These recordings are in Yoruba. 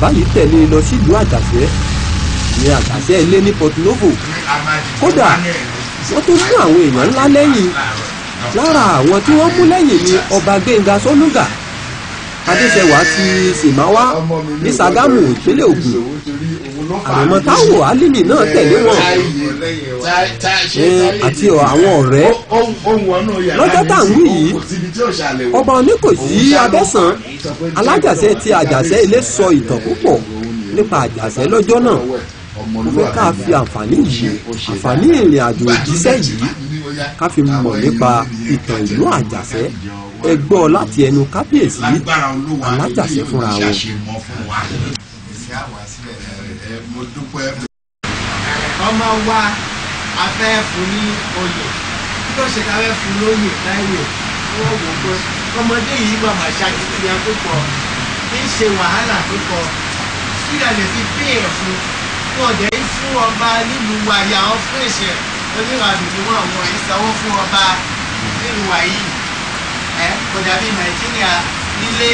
bàbá yìí tẹ̀lé e lọ sílùú àtàṣẹ́ ní àtàṣẹ́ ilé ní Port Novo kódà wọ́n tó mú àwọn èèyàn ńlá lẹ́yìn lára àwọn tí wọ́n mú lẹ́yìn ni ọba Gbénga Sólúgà Adéṣẹwà ti Sìmáwá ní Ṣàgámù ìpínlẹ̀ Ògùn àrẹ̀mọ táwọ̀ alimi náà tẹ̀lé wọn eh, àti àwọn ọ̀rẹ́ lọ́jọ́ tá à ń wí yìí ọba oníkòsí abẹ́sàn alájàṣẹ ti àjàṣẹ ilé sọ ìtàn púpọ̀ nípa àjàṣẹ lọ́jọ́ náà mo fẹ́ ká fi àǹfààní yìí àǹfààní ìrìn àjò ìjíṣẹ́ yìí ká fi mọ̀ nípa ìtàn ìlú àjàṣẹ ẹ gbọ́ láti ẹnu kábíyèsí alájàṣẹ fúnra wọn mo dúpẹ́. ọmọ wa a fẹ́ fún ní oyè kí ló ṣe ká fẹ́ fún lóyè láìwé kí wọ́n wò ó pé ọmọdé yìí máa máa ṣàkíyàn púpọ̀ ń ṣe wàhálà púpọ̀ síra lè fi bẹ́ẹ̀ fún wọn dẹ̀ ń fún ọba nílùú wa yà wọ́n fún ìṣẹ̀ onírànù ni wọ́n àwọn ìsanwó fún ọba nílùú wa yìí ẹ̀ kò dàbí nàìjíríà nílé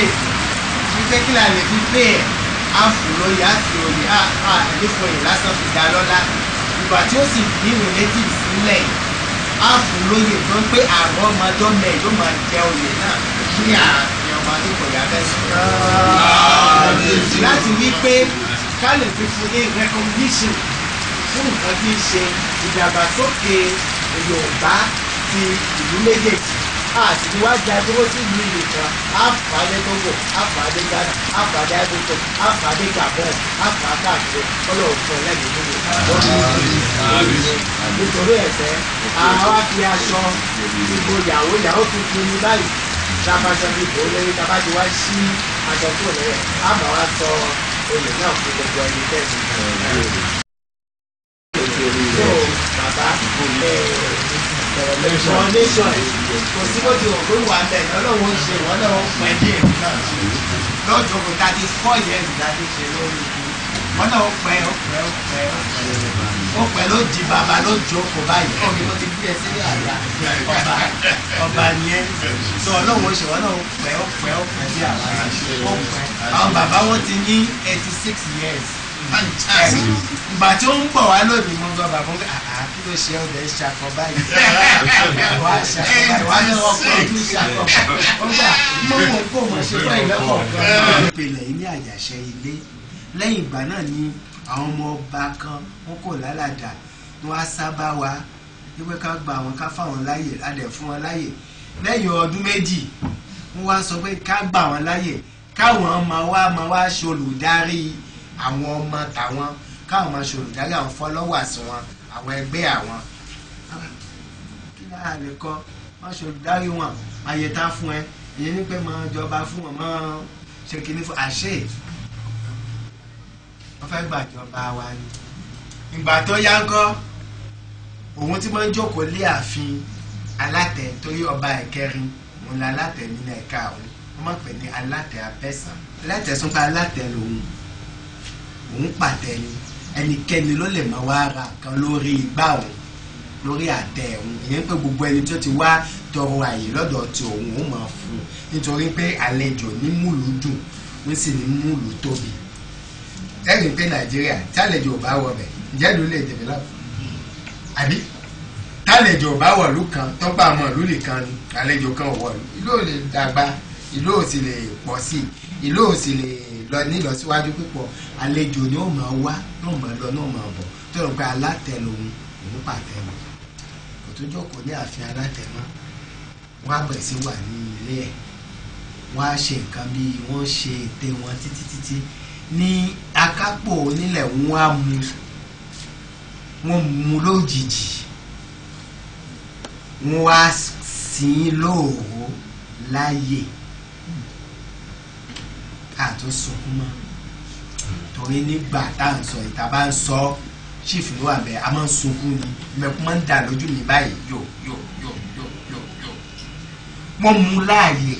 wípé kí la lè fi bẹ́ẹ̀ á fún lóyè á fi òye á àléfò yìí lásán fi dá lọ́lá ìgbà tí ó sì ní relatives sílẹ̀ yìí á fún lóyè tó ń pé àwọn ọmọdé ọmọ ẹ̀ yóò máa jẹ oyè náà kí ààfin ọmọ adékòyà abẹ́sùn. láti wí pé ká lè fi fún ní recognition fún nǹkan tí ń ṣe ìdàgbàsókè Yorùbá ti ìlú méjèèjì àti wá gba ẹgbẹ́ sí ìlú ìlú kan àfàdé togo àfàdé ghana àfàdé agbègbè àfàdé gabon àfàdé àgbẹ ọlọ́ọ̀fọ̀ lẹ́yìn nínú nítorí ẹ̀fẹ́ àwa fi aṣọ ìbò yàwó yàwó tuntun ní báyìí tábàṣọ ní ìbò lórí tábàṣọ wá sí aṣọ kúrò lẹ́yìn àbá wa sọ olè náà fún gbogbo ẹni bẹ́ẹ̀ ni. bàbá ẹ̀ẹ́ for nation kò sí bó ti wọ̀ pé wà bẹ̀ lọ́lọ́wọ́ ń ṣe ìwọ́n náà ń pẹ́ díẹ̀ náà lọ́jọ́ kò thirty four years láti ṣe lórí ibi wọ́n náà ń pẹ́ ó pẹ́ ó pẹ́ ó pẹ́ ó pẹ́ ló di bàbá ló jókòó báyìí ó ní wọ́n ti gbé ẹ sí àyà ọba ọba yẹn tó ọlọ́wọ́ ṣe wọ́n náà ń pẹ́ ó pẹ́ ó pẹ́ bí àwọn àṣẹ ó pẹ́ àwọn bàbá wọn ti ní eighty six years ìgbà tí ó ń bọ̀ wá lónìí mo ń sọ bàbá mi àá kí ló ṣe ọ̀dẹ̀ ṣàkọ báyìí wàá ṣàkọ báyìí wàá ní ọkọ̀ tó ṣàkọ ọgbà mo mọ̀ kó mọ̀ ṣe fún ìlẹ́kọ̀ọ́ kan. ìpìlẹ̀ ní àjàṣe ilé lẹ́yìn ìgbà náà ni àwọn ọmọ ọba kan wọn kò lálàdà wọn á sábà wá wípé ká gba àwọn ká fáwọn láàyè adẹ̀ fún wọn láàyè lẹ́yìn ọdún méjì wọ́n wá sọ pé ká gbà wọ́n láàyè káwọn máa wá máa wá ṣolùdarí àwọn ọmọ tàwọn káwọn máa ṣòròjálẹ̀ àwọn fọlọ́wà sí wọn àwọn ẹgbẹ́ àwọn kí láàrin kọ́ wọ́n ṣòròjálẹ̀ wọn àyè tá fún ẹ ìyẹn ní pé máa jọba fún wọn máa ṣe kínní fún àṣẹ wọ́n fẹ́ gbàjọba wa ni ìgbà tó yá ń kọ́ òun tí máa ń jókòó lé ààfin alátẹ torí ọba ẹ̀kẹrin òun la alátẹ nílẹ̀ ẹ̀ka òun wọ́n máa pè ní alátẹ abẹ́sàn alátẹ sún alátẹ lòun òun pàtẹ ni ẹnikẹ́ni ló lè máa wá ra kan lórí igbá òun lórí àtẹ òun ìyẹn pé gbogbo ẹni tó ti wá tọrọ àyè lọ́dọ̀ tí òun ó máa fún un nítorí pé àlejò ní múlù dùn wọ́n sì ní múlù tóbi ẹ̀rìn pé nàìjíríà tálejò ò bá wọ̀ bẹ̀ ǹjẹ́ ló lè develop àbí tálejò ò bá wọ̀ lù kan tọ́gbà mọ̀ lù nìkan ni àlejò kan wọ̀ lù yóò lè dàgbà ìlú ò sì lè pọ̀ sí i ìlú ò sì lè lọ nílọsíwájú púpọ̀ àlejò ni ó máa wá náà máa lọ náà máa bọ̀ tó rò pé alátẹ lòun òun pàtẹ mọ́ kò tó jókòó ní ààfin alátẹ mọ́ wọ́n á bẹ̀rẹ̀ sí wà ní ilé ẹ̀ wọ́n á ṣe nǹkan bí wọ́n ṣe ète wọn títí títí ní akápò onílẹ̀ wọ́n á mu wọ́n mu lójijì wọ́n á sìn ín lóòó láyè àtún sunkún mọ́ torí nígbà tá à ń sọ ìta bá ń sọ chief ló wà bẹ́ẹ̀ a máa ń sunkún ni mẹ̀kún máa ń dà lójú mi báyìí yò yò yò yò yò yò wọ́n mú láàyè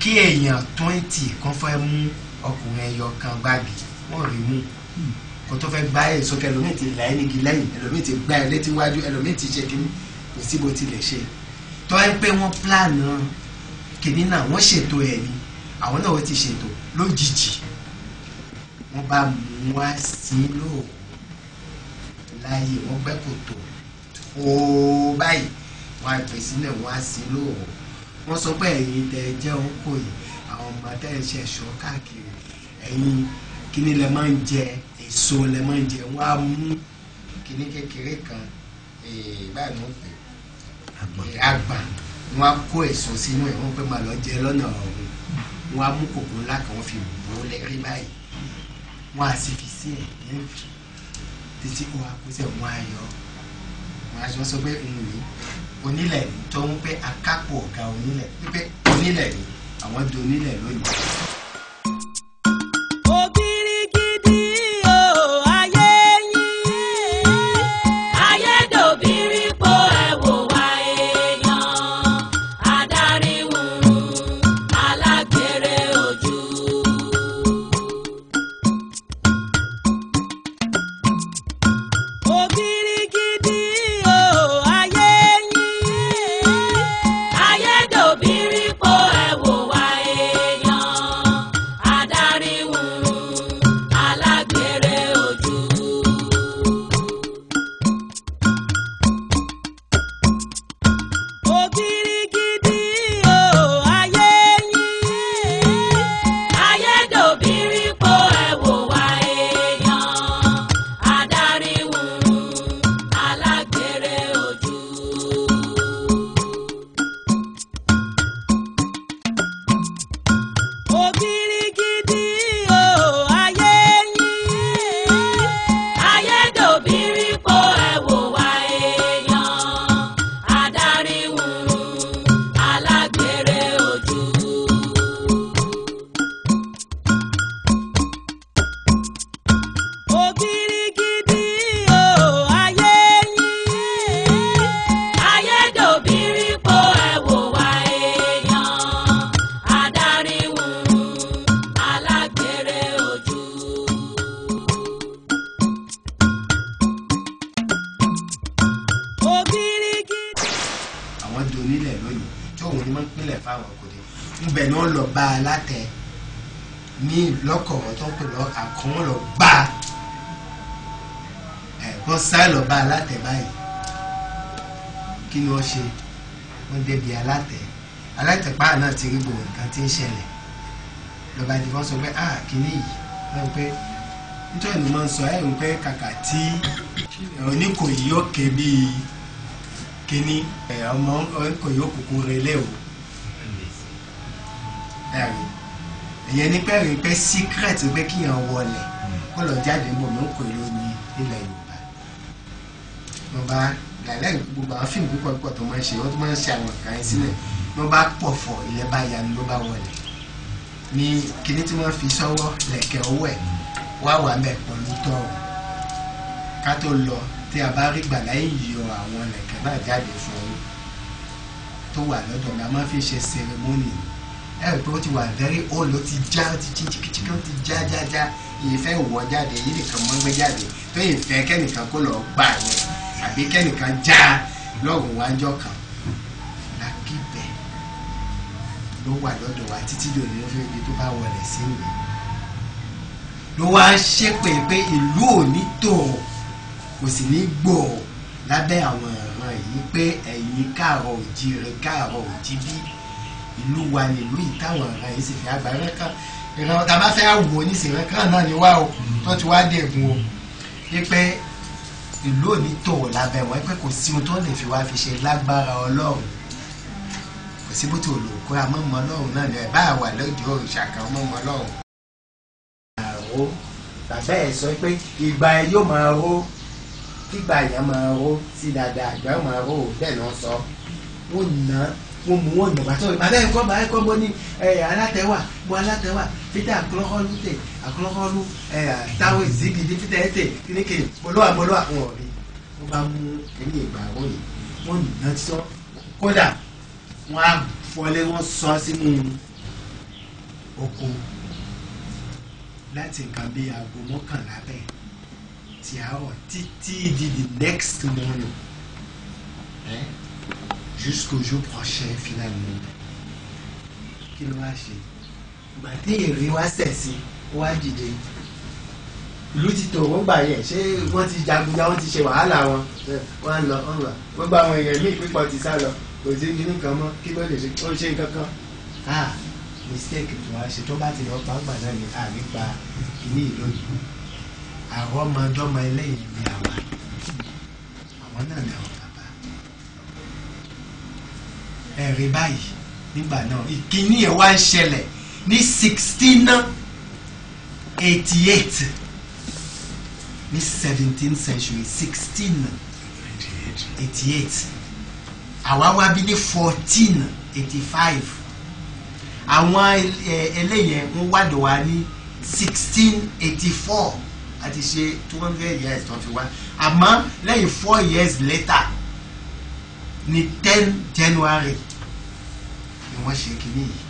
kí èèyàn twenty kan fẹ́ mú ọkùnrin ẹyọ kan gbági wọ́n rí mú kó tó fẹ́ gbá ẹ̀ sókè ẹlòmíì ti là ẹ́ lẹ́yìn ẹlòmíì ti gbá ẹ wájú ẹlòmíì ti ṣe kíní kò sí bó tilẹ̀ ṣe tọ́ ẹ pé wọ́n plan kìnínà wọ́n ṣètò ẹ̀ ni àwọn náà ti ṣètò lójijì wọ́n bá mú wá sí lóò láàyè wọ́n gbẹ́ kòtò ooo báyìí wọ́n á pèsè náà wọ́n á sí lóò wọ́n sọ pé ẹ̀yin tẹ ẹ jẹ́ òǹkò yìí àwọn ọmọ tẹ ẹ ṣe ẹ̀ṣọ́ káàkiri ẹ̀yin kíní lẹ máa ń jẹ èso lẹ máa ń jẹ wọ́n á mú kíní kékeré kan báyìí wọ́n pè é àgbà wọ́n á kó èso sínú ẹ̀ wọ́n pẹ́ máa lọ jẹ lọ́nà ọ̀hún wọn á mú kòkó ńlá kan wọn fi wò ó lẹ́rí báyìí wọn á sì fi sí ẹ̀ títí kó wa kó sẹ̀ wọn á yọ wọn á sọ sọ pé n ní onílẹ̀ ní tó ń pẹ́ akápò ọ̀gá onílẹ̀ pípẹ́ onílẹ̀ ní àwọn di onílẹ̀ lónìí. kan wọ́n lọ gbá ẹ̀ wọ́n sáré lọ bá alátẹ̀ báyìí kí ni wọ́n ṣe wọ́n débi alátẹ̀ alátẹ̀ pààrọ̀ náà ti rí gbogbo nǹkan tí ń ṣẹlẹ̀ lọ́ba ìdìbò sọ pé ah kìíní yìí wọ́n pé nítorí ni mo ń sọ ẹ̀ ń pẹ́ kàkà tí oníkòyí yóò ké bíi kìíní ọmọ oníkòyí yóò kúkú relé o ìyẹn ní pẹ́ rè pé secret pé kí yàn wọlé kó lọ jáde mọ̀ mí ń pè lónìí nílẹ̀ yorùbá mo bá gàlẹ́ gbogbo àwọn fíìmù púpọ̀ púpọ̀ tó máa ń ṣe wọ́n tó máa ń ṣe àwọn kan yín sílẹ̀ mo bá pọ̀ fọ̀ ilẹ̀ bá ya ni ló bá wọlé ní kíní tí wọ́n fi sọ́wọ́ lẹ̀kẹ̀ owó ẹ̀ wá wà mẹ́ pẹ̀lú tọ́ ọ ká tó lọ tí a bá rí gbàlá yíyọ àwọn lẹ̀kẹ̀ náà jáde fún un tó ẹ rò ti wà very old ó ti já ó ti chikichiki ó ti já já já ìfẹ́ wọ jáde yìí nìkan mọ́ gbé jáde tó ìfẹ́ kẹ́nìkan kó lọ́ọ́ gbà yẹn àbí kẹ́nìkan já lọ́rùn wájọ́ kan lákìbẹ̀ ló wà lọ́dọ̀ wa títí lòdì ló fẹ́ ibi tó bá wọlé sí mi ló wá ṣépè pé ìlú ò ní kò sì ní gbòò lábẹ́ àwọn ìran yìí pé ẹ̀yin káàárọ̀ òjì rẹ̀ káàárọ̀ òjì bíi ìlú wa ìlú yìí táwọn ọ̀ràn yìí sì fi àgbà rẹ kàn ìran tá a bá fẹ́ wò ní ìsìnrán kan náà ni wá o tó ti wá dẹ̀gùn o wípé ìlú òní tò lábẹ́ wọn pé kò sí ohun tó lè fi wá fi ṣe lágbára ọlọ́run kò sí bó ti ò lò kó a mọ̀ mọ́ ọlọ́run náà ni ẹ̀ bá wà lóde òrìṣà kan mọ̀ mọ́ ọlọ́run. àrò bàbá ẹ̀ sọ pé ìgbà ẹ yóò máa ró kígbà yẹn máa ró sí dáadáa ìgbà máa ró bẹ́ẹ̀ ló sọ ó nà mo mú wọn nà bàtọ́ bàbá yẹn kọ́ bàbá yẹn kọ́ mo ní alátẹ̀wà mo alátẹ̀wà fita akọlọ́kọ́lù tẹ̀ akọlọ́kọ́lù táwọn ìzígi ní fita ẹ̀ tẹ̀ kéékè bọ́lọ́wà bọ́lọ́wà wọn ò rí mo bá mú ẹni ìgbà wọ́n yìí wọ́n nà sọ kódà wọ́n á fọlé wọ́n sọ sínú oko láti nǹkan bíi aago mọ́kànlá bẹ́ẹ̀ tí a ọ̀ títí di the next morning. Eh? jusqu'au jour prochain finalement kí ló wá ṣe ìgbà tí èrè wá sẹ̀sí wá dìde ìlú ti tò wọ́n gbà yẹn ṣé wọ́n ti jagunjà wọ́n ti ṣe wàhálà wọn wọ́n á lọ wọ́n lọ wọ́n gba àwọn èèyàn míì pípọ̀ ti sá lọ kò sí inú kan mọ́ kí ló lè ṣe ó ṣe nǹkan kan ah mistake tó wá ṣe tó bá ti lọ pàápàá náà ni àmì pa ìní ìlóyún àwọn ọmọdọ́mọ eléyìí ni àwa àwọn náà ni àwọn ẹ̀rí báyìí nígbà náà ìkíní ẹ̀ wá ń ṣẹlẹ̀ ní sixteen eighty eight ní seventeen century sixteen eighty eight àwa wá bí ní fourteen eighty five àwọn eléyẹn wọ́n wádọ̀ wá ní sixteen eighty four àti ṣe two hundred years tó fi wá àmọ́ lẹ́yìn four years later ní ten January wọ́n ṣe kinní yìí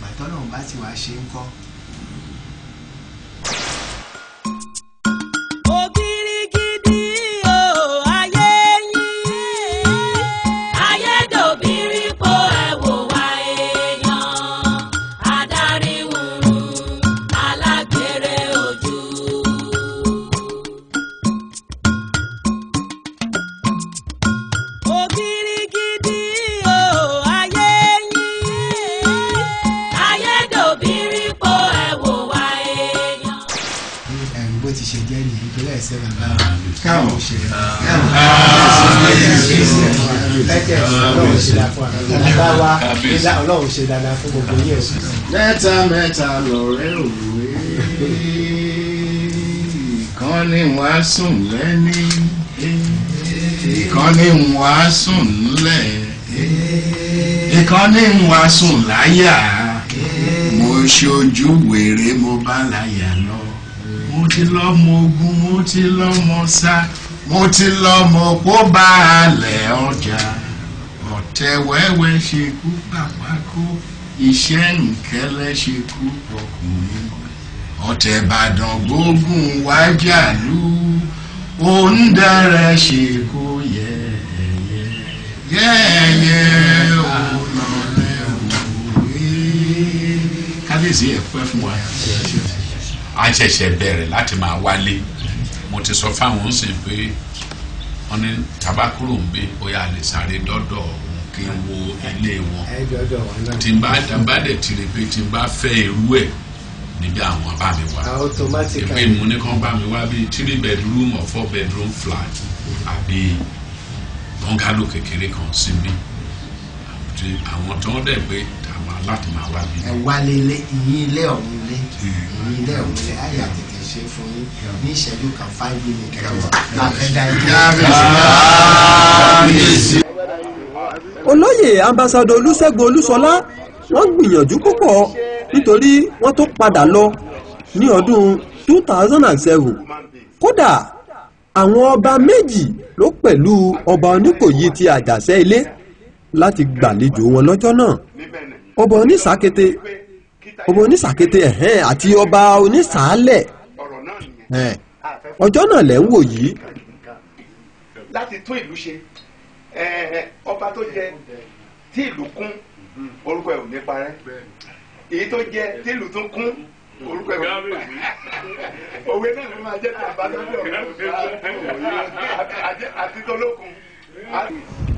bàtọ́ náà bá ti wá ṣe ń kọ́ ọlọ́run ṣe dáadáa fún gbogbo yín ẹ̀sìn. mẹ́ta mẹ́ta lọ̀rẹ́ òwe ìkan ni wọ́n á sùn lẹ́ni ìkan ni wọ́n á sùn lẹ̀ ìkan ni wọ́n á sùn láyà mo ṣojú wèrè mo bá láyà lọ mo ti lọ́mọ ogun mo ti lọ́mọ sá mo ti lọ́mọ kó bá a lẹ̀ ọjà ọ̀tẹ̀ wẹ́wẹ́ ṣe kú bàbá iṣẹ́ nìkẹ́lẹ́ ṣe kú ọkùnrin ọ̀tẹ̀ ìbàdàn gbógun wájà lù òun dára ṣe kó yẹ ẹ̀yẹ yẹ́ẹ̀yẹ ọlọ́lẹ̀ òwe. kábíyèsí ẹ̀ pẹ́ fún wa a ṣẹ̀ṣẹ̀ bẹ̀rẹ̀ láti máa wálé mo ti sọ fáwọn ń sìn pé wọ́n ní tabakuro ń gbé bóyá a lè sáré dọ́dọ̀ ọ̀hún kí n wo ilé wọn tí n bá tí n pé tí n bá fẹ́ níbi àwọn bá mi wá ìpè mu ní kàn bá bedroom or bedroom flat àbí bọ́ngálò kékeré kan síbí àwọn tó ń dẹ̀ pé àwọn láti máa wá bí. ẹ ilé ìyín ilé ọ̀hún ilé ìyín ilé ọ̀hún ilé ayé àtẹ̀tẹ̀ ṣe fún yín ní ìṣẹ́jú kan five minutes. àfẹ́dá ìdí olóyè ambassador olúṣẹ́gun olúṣọlá wọ́n gbìyànjú púpọ̀ nítorí wọ́n tó padà lọ ní ọdún 2007 kódà àwọn ọba méjì ló pẹ̀lú ọba oníkòyí ti àjàṣẹ́ ilé láti gbàlejò wọn lọ́jọ́ náà ọba onísàkété ọba onísàkété ẹ̀hẹ́n àti ọba onísàálẹ̀ ọjọ́ náà lẹ́ ń wò yìí. láti tún ìlú ṣe Eh, ọba tó jẹ tí ìlú kún orúkọ ẹ̀ ò ní parẹ́ èyí tó jẹ tí ìlú tún kún orúkọ ẹ̀ ò ní parẹ́ òwe náà ló máa jẹ́ tí àbá tó jẹ òwe àti tọ́lókun.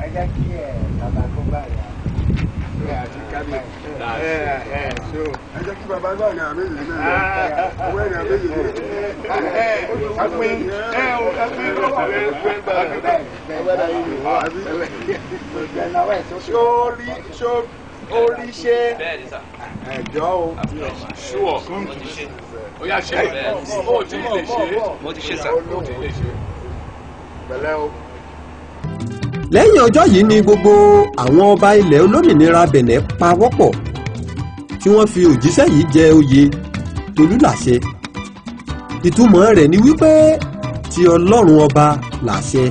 ẹ jẹ́ kí bàbá tó bá àti kábíyà ẹ ẹ so. ẹ jẹ́ kí bàbá náà ní àmì yìí náà owó ẹ̀ ní àmì yìí náà. ẹ ọpin ẹ ọpin ọpin ọpin gbà bẹ́ẹ̀ bẹ́ẹ̀ yìí wọ àbí. sórí sórí orí ṣe ẹjọ́ o. ṣùọ́ ó yà ṣe é ó ti lè ṣe é ó ti lè ṣe é. pẹ̀lẹ́ o lẹ́yìn ọjọ́ yìí ni gbogbo àwọn ọba ilẹ̀ olómìnira bẹ̀nẹ̀ pawọ́pọ̀ tí wọ́n fi òjíṣẹ́ yìí jẹ oyè tolúlàṣẹ ìtumọ̀ rẹ̀ ni wípé ti ọlọ́run ọba làṣẹ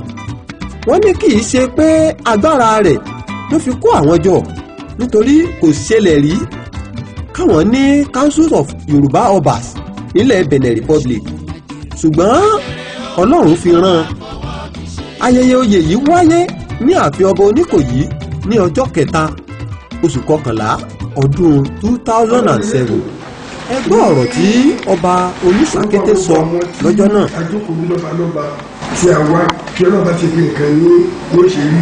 wọ́n ní kì í ṣe pé agbára rẹ̀ ló fi kó àwọn jọ nítorí kò ṣẹlẹ̀ rí káwọn ní council of yorùbá obas nílẹ̀ benin republic ṣùgbọ́n ọlọ́run fi rán an ayẹyẹ oyè yìí wáyé ní ààfin ọba oníkòyí ní ọjọ́ kẹta oṣù kọkànlá ọdún two thousand and seven ẹ gbọ́ ọ̀rọ̀ tí ọba onísàkété sọ lọ́jọ́ náà. ajókòó lọ́ba lọ́ba tí a wá kí ọlọ́ba ti fi nǹkan ní bó ṣe rí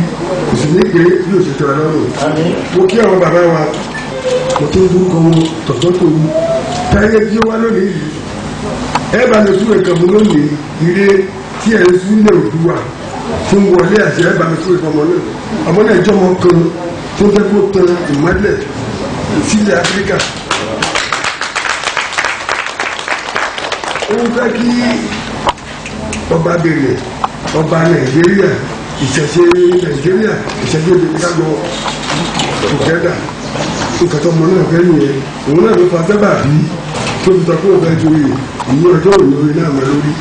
kò sì ní pé bí ó ṣe tẹ̀ra lọ́rùn. mo kí àwọn bàbá wa mo tó ń dúró wọn tọ̀tọ̀ tó yí táyé tí ó wá lónìí yìí ẹ bá lè sún ẹ̀kan mú lónìí ire tí ẹ̀ ń sún lè òdùwà tí ń wọlé ẹ̀jẹ̀ ẹ̀bà mi fún ìfọmọ náà ọmọ náà jẹ́ ọmọ kan tó fẹ́ kó tan ìmọ́lẹ̀ sílẹ̀ áfíríkà. ó ń fẹ́ kí ọba bèrè ọba nàìjíríà ìṣẹ̀ṣe nàìjíríà ìṣẹ̀ṣe bèrè kájọ tòkẹ́dà nǹkan tó ọmọ náà fẹ́ nìyẹn òun náà ló fa sábà bí tó fi tọ́ pé òun fẹ́ joyè ìyẹn ọjọ́ òní orin náà mọ́ lórí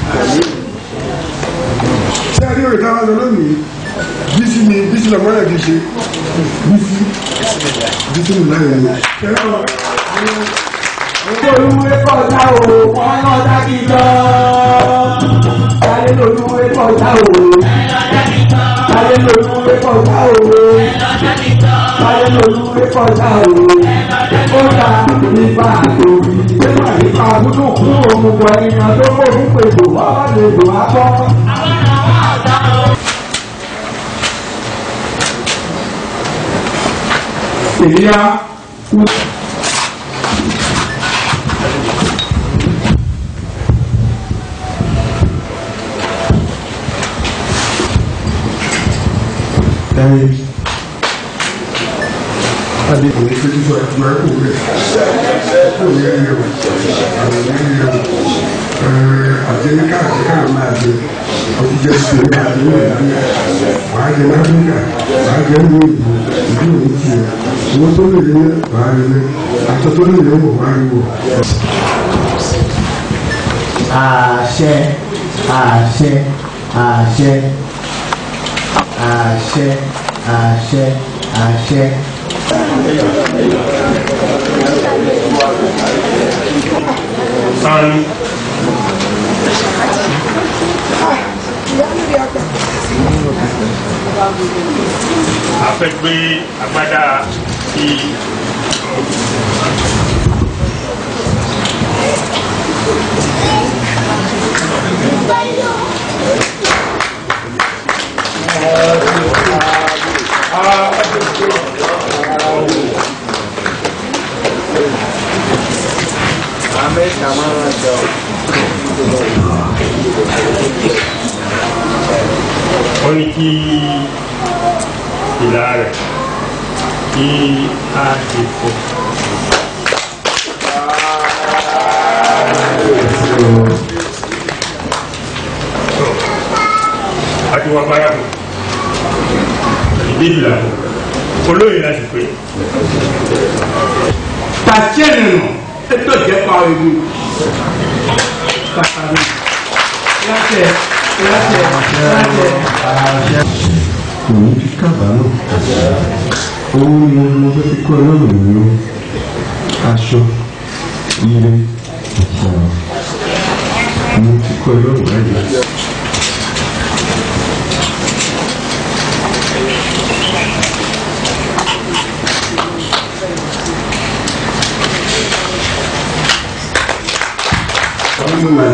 ṣé àrí òrìta wa lọ lónìí bísí ni bísí lọmọ náà kì í ṣe bísí bísí nìlá yẹn ni. olùwé kọjá o wọn lọ dákì jọ sáré lolúwé kọjá o sáré lolúwé kọjá o sáré lolúwé kọjá o kọjá nípa àtòwí nípa nípa àbúrò fún òmùgọ̀ ènìyàn tó kó fún pèsè wàhálà èdò seria un... Yani hadi bu kötü sorular oluyor. Oluyor. Ee, acele kalacak ama ọtí àṣẹ àṣẹ àṣẹ àṣẹ àṣẹ àṣẹ. Sorry. a fẹ́ gbé agbádá ti Amém, amado wọ́n ní kí ìlà rẹ̀ kí á ti fò. àti wọn bára bò ìdébìlà bò olóyè láti pè é. pàṣẹ nínú ètò ìjẹ́pá ewu pàtàkì láti Muito cavalo. O mundo ficou no meu. Achou. Irei. Muito coroado. Uma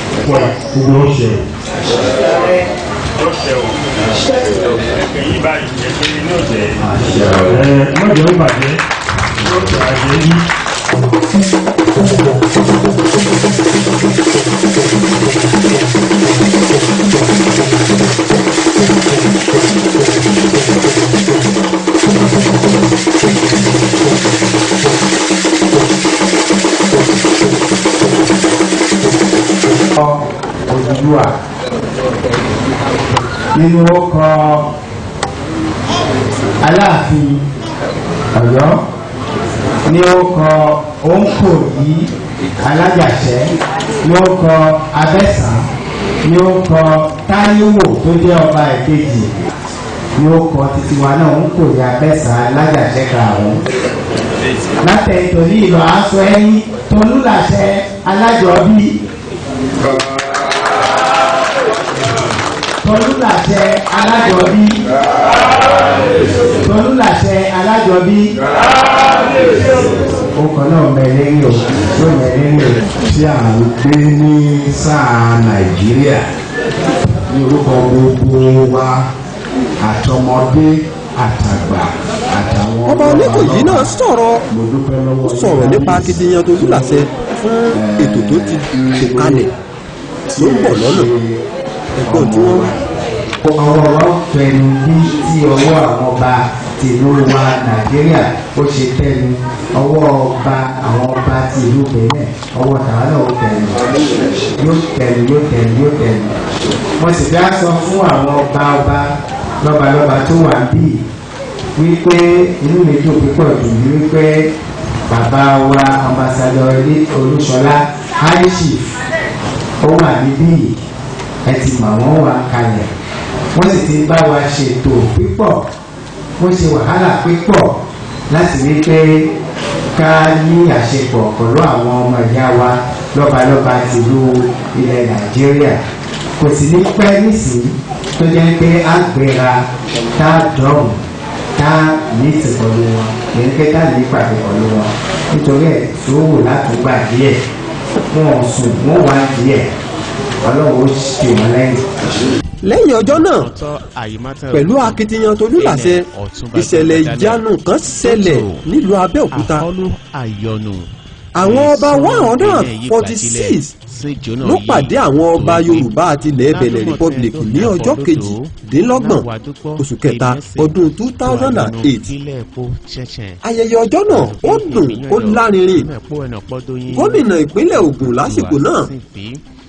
pọ̀ gbogbo ó ṣe mọ̀jẹ̀ ó bàjẹ́ Thank you. Odùduwà nínú ọkọ̀ Aláàfin Ọ̀yọ́ ní ọkọ̀ òǹkòyí alájàṣẹ́ ní ọkọ̀ abẹ́sàn ní ọkọ̀ Táíwò tó jẹ́ ọba ẹ̀kejì ní ọkọ̀ títí wa náà òǹkòyí abẹ́sàn alájàṣẹ́ kà àwọn látẹ̀ ìtòlí ìlọ aṣọ ẹyin tolúlàṣẹ alájọbí alájọbí tolúlàṣẹ alájọbí ọkọ̀ náà mẹ́rin o tó mẹ́rin o tí à ń gbé ní sáà nàìjíríà ní orúkọ gbogbo wa àtọmọdé àtàgbà àtàwọn ọba Oníkòyí náà sọ̀rọ̀ ó sọ̀rọ̀ nípa akitiyan tolúlàṣẹ fún ètò tó ti tò kalẹ̀ tí ó ń bọ̀ lọ́nà ẹ̀gbọ́n tí wọ́n wà ọwọ́ wa fẹnu bí tí ọwọ́ àwọn ọba tìlú wa nàìjíríà ó ṣe tẹnu ọwọ́ ọba àwọn ọba tìlú bẹ̀rẹ̀ ọwọ́ tàwa náà ó tẹnu yóò tẹnu yóò tẹnu yóò tẹnu wọ́n sì dá sọ fún àwọn ọba ọba lọ́balọ́ba tó wà bíi wípé inú mi dùn púpọ̀ jù wípé bàbá wa ambassadọ ilé olúṣọlá high chief ó wà níbí ẹ ti mọ̀ wọ́n wà kalẹ̀ wọ́n sì ti bá wa ṣètò pípọ̀ wọ́n ṣe wàhálà pípọ̀ láti rí pé ká ní àṣepọ̀ pẹ̀lú àwọn ọmọ ìyá wa lọ́balọ́ba tìlú ilẹ̀ Nàìjíríà kò sì ní pẹ́ nísìnyí tó jẹ́ pé á gbéra tá a dọ̀hùn tá a ní ìsìnkọ̀lù wọn èyí pé tá a ní ìpàdé pẹ̀lú wọn nítorí ẹ̀ tó wù látùgbà díẹ̀ wọn ò sùn wọn wà díẹ̀ ọlọ́run ó ṣe wọn lẹ́yìn. lẹ́yìn ọjọ́ náà pẹ̀lú akitiyan tó lùlàṣẹ ìṣẹ̀lẹ̀ ìjánu kan ṣẹlẹ̀ nílùú Abẹ́òkúta àwọn ọba one hundred and forty six ló pàdé àwọn ọba yorùbá àti ilẹ̀ bẹ̀lẹ̀ republic ní ọjọ́ kejìdínlọ́gbọ̀n oṣù kẹta ọdún two thousand and eight ayẹyẹ ọjọ́ náà ó dùn ó lárinrin gómìnà ìpínlẹ̀ Ògùn lásìkò náà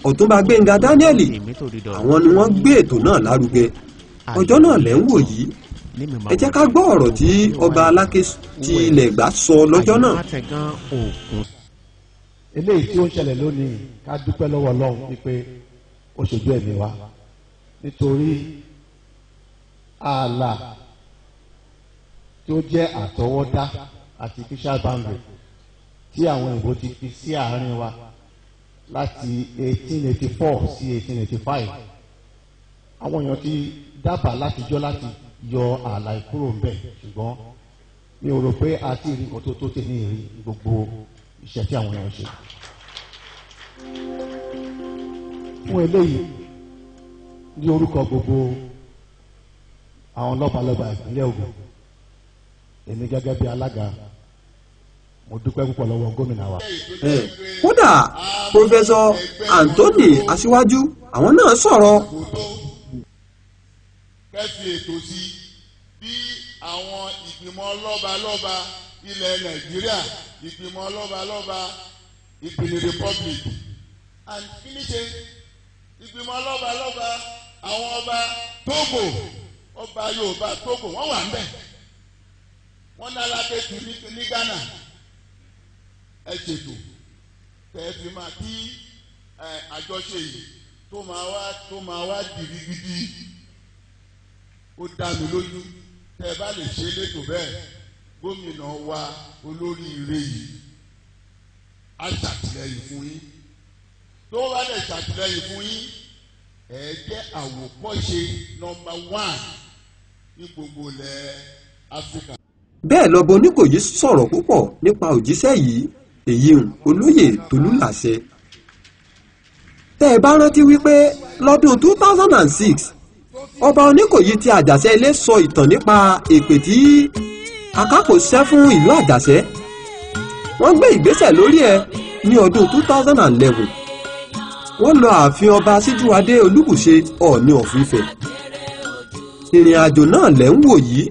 ọ̀túnba gbẹ̀ngà daniel àwọn ni wọ́n gbé ètò náà lárugẹ ọjọ́ náà lẹ́ ń wò yìí ẹ jẹ́ ká gbọ́ ọ̀rọ̀ tí ọba aláké ti ilẹ̀ gbà sọ lọ́jọ́ náà. eléyìí tí ó ṣẹlẹ̀ lónìí ká dúpẹ́ lọ́wọ́ ọlọ́run wípé ó ṣojú ẹ̀mí wa nítorí ààlà tí jẹ́ àtọwọ́dá àti artificial boundary tí àwọn òyìnbó ti fi sí àárín wa láti 1884 sí 1885 àwọn èèyàn ti dábàá látijọ́ láti yọ ààlà ìkúrò ń bẹ̀ ṣùgbọ́n mi ò rò pé a ti rí nǹkan tó tó tè ní ìrí gbogbo iṣẹ́ tí àwọn èèyàn ṣe. fún eléyìí ní orúkọ gbogbo àwọn lọ́balọ́ba ìpínlẹ̀ Ògùn èmi gẹ́gẹ́ bí alága mo dúpẹ́ eh, kódà pòfẹsọ Anthony Aṣíwájú àwọn náà sọ̀rọ̀. kẹ́sì ètò sí bí àwọn ìgbìmọ̀ lọ́balọ́ba ilẹ̀ Nàìjíríà ìgbìmọ̀ lọ́balọ́ba ìpínlẹ̀ republic and kìnìṣe ìgbìmọ̀ lọ́balọ́ba àwọn ọba Togo ọba Yorùbá Togo wọ́n wà ń bẹ̀ wọ́n nára pé ní Ghana ẹ ṣètò tẹ̀sí máa kí àjọṣe yìí tó máa wá tó máa wá dìrí gidi ó dá mi lójú tẹ́ ẹ bá lè ṣe létò bẹ́ẹ̀ gómìnà wa olóríire yìí á ṣàtìlẹ́yìn fún yín tó bá lè ṣàtìlẹ́yìn fún yín ẹ jẹ́ àwòkọ́ṣe nọ́mbà wán ní gbogbo ilẹ̀ áfíríkà. bẹ́ẹ̀ lọ́bọ oníkòyí sọ̀rọ̀ púpọ̀ nípa òjíṣẹ́ yìí èyíùn olóyè tolú làṣẹ. tẹ́ ẹ bá rántí wípé lọ́dún two thousand and six ọba oníkòyí ti àjàṣẹ́ ilé sọ ìtàn nípa èpè tí akápò ṣẹ́ fún ìlú àjàṣẹ́ wọ́n gbé ìgbésẹ̀ lórí ẹ̀ ní ọdún two thousand and eleven wọ́n lọ ààfin ọba síjúwadé olúbùṣe ọ̀ọ̀ni ọ̀fìfẹ́ ìrìn àjò náà lẹ́ ń wò yìí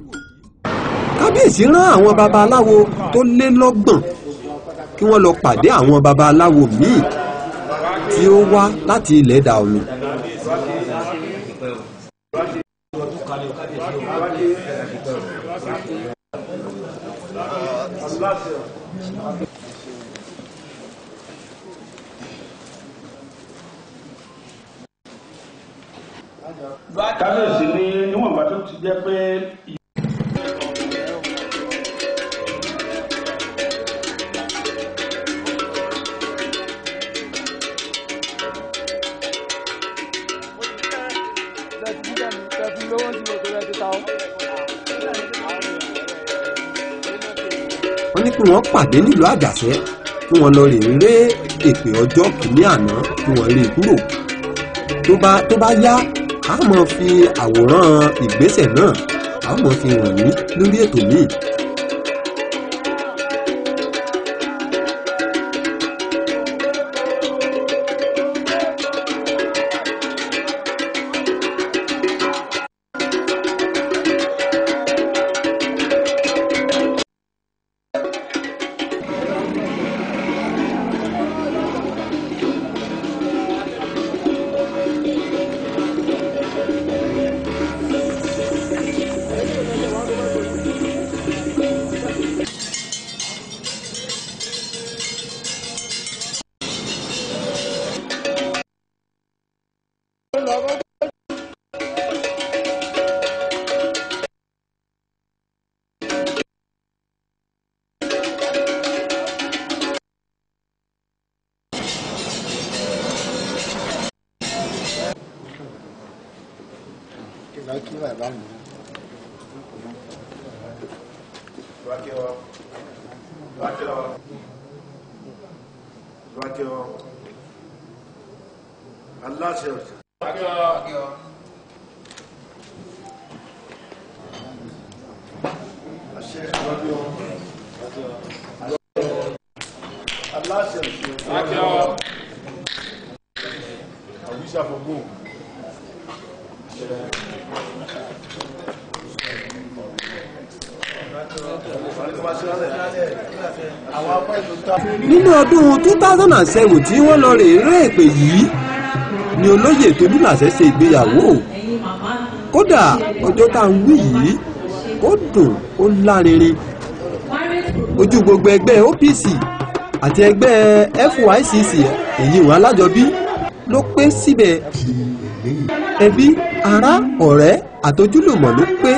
kábíyèsí rán àwọn babaláwo tó lé lọ́gbọ̀n kí wọ́n lọ pàdé àwọn babaláwo míì tí ó wá láti ilẹ̀ dàolù. kábíyèsí ni níwọ̀nba tó ti jẹ́ pé. kí wọ́n pàdé nílùú àjàṣẹ́ kí wọ́n lọ rè ré èpè ọjọ́ kìíní àná kí wọ́n rí kúrò tó bá tó bá yá a mọ̀ fi àwòrán ìgbésẹ̀ náà a mọ̀ fi hàn mí lórí ètò míì láti ọ̀tẹ̀. àṣẹ ìrọ́lẹ́ ọ̀hún. aláṣẹ ìṣòro. àwíṣà fọ́gbó. nínú ọdún 2007 tí wọ́n lọ rèé rẹ́ èpè yìí ni olóyè tolúnàṣẹ ṣe ìgbéyàwó kódà ọjọ́ tá à ń wí yìí ó dùn ó lárinrin ojú gbogbo ẹgbẹ́ OPC àti ẹgbẹ́ FYCC èyí wọn alájọbí ló pé síbẹ̀ ẹbí ará ọ̀rẹ́ àtojúlùmọ̀ ló pé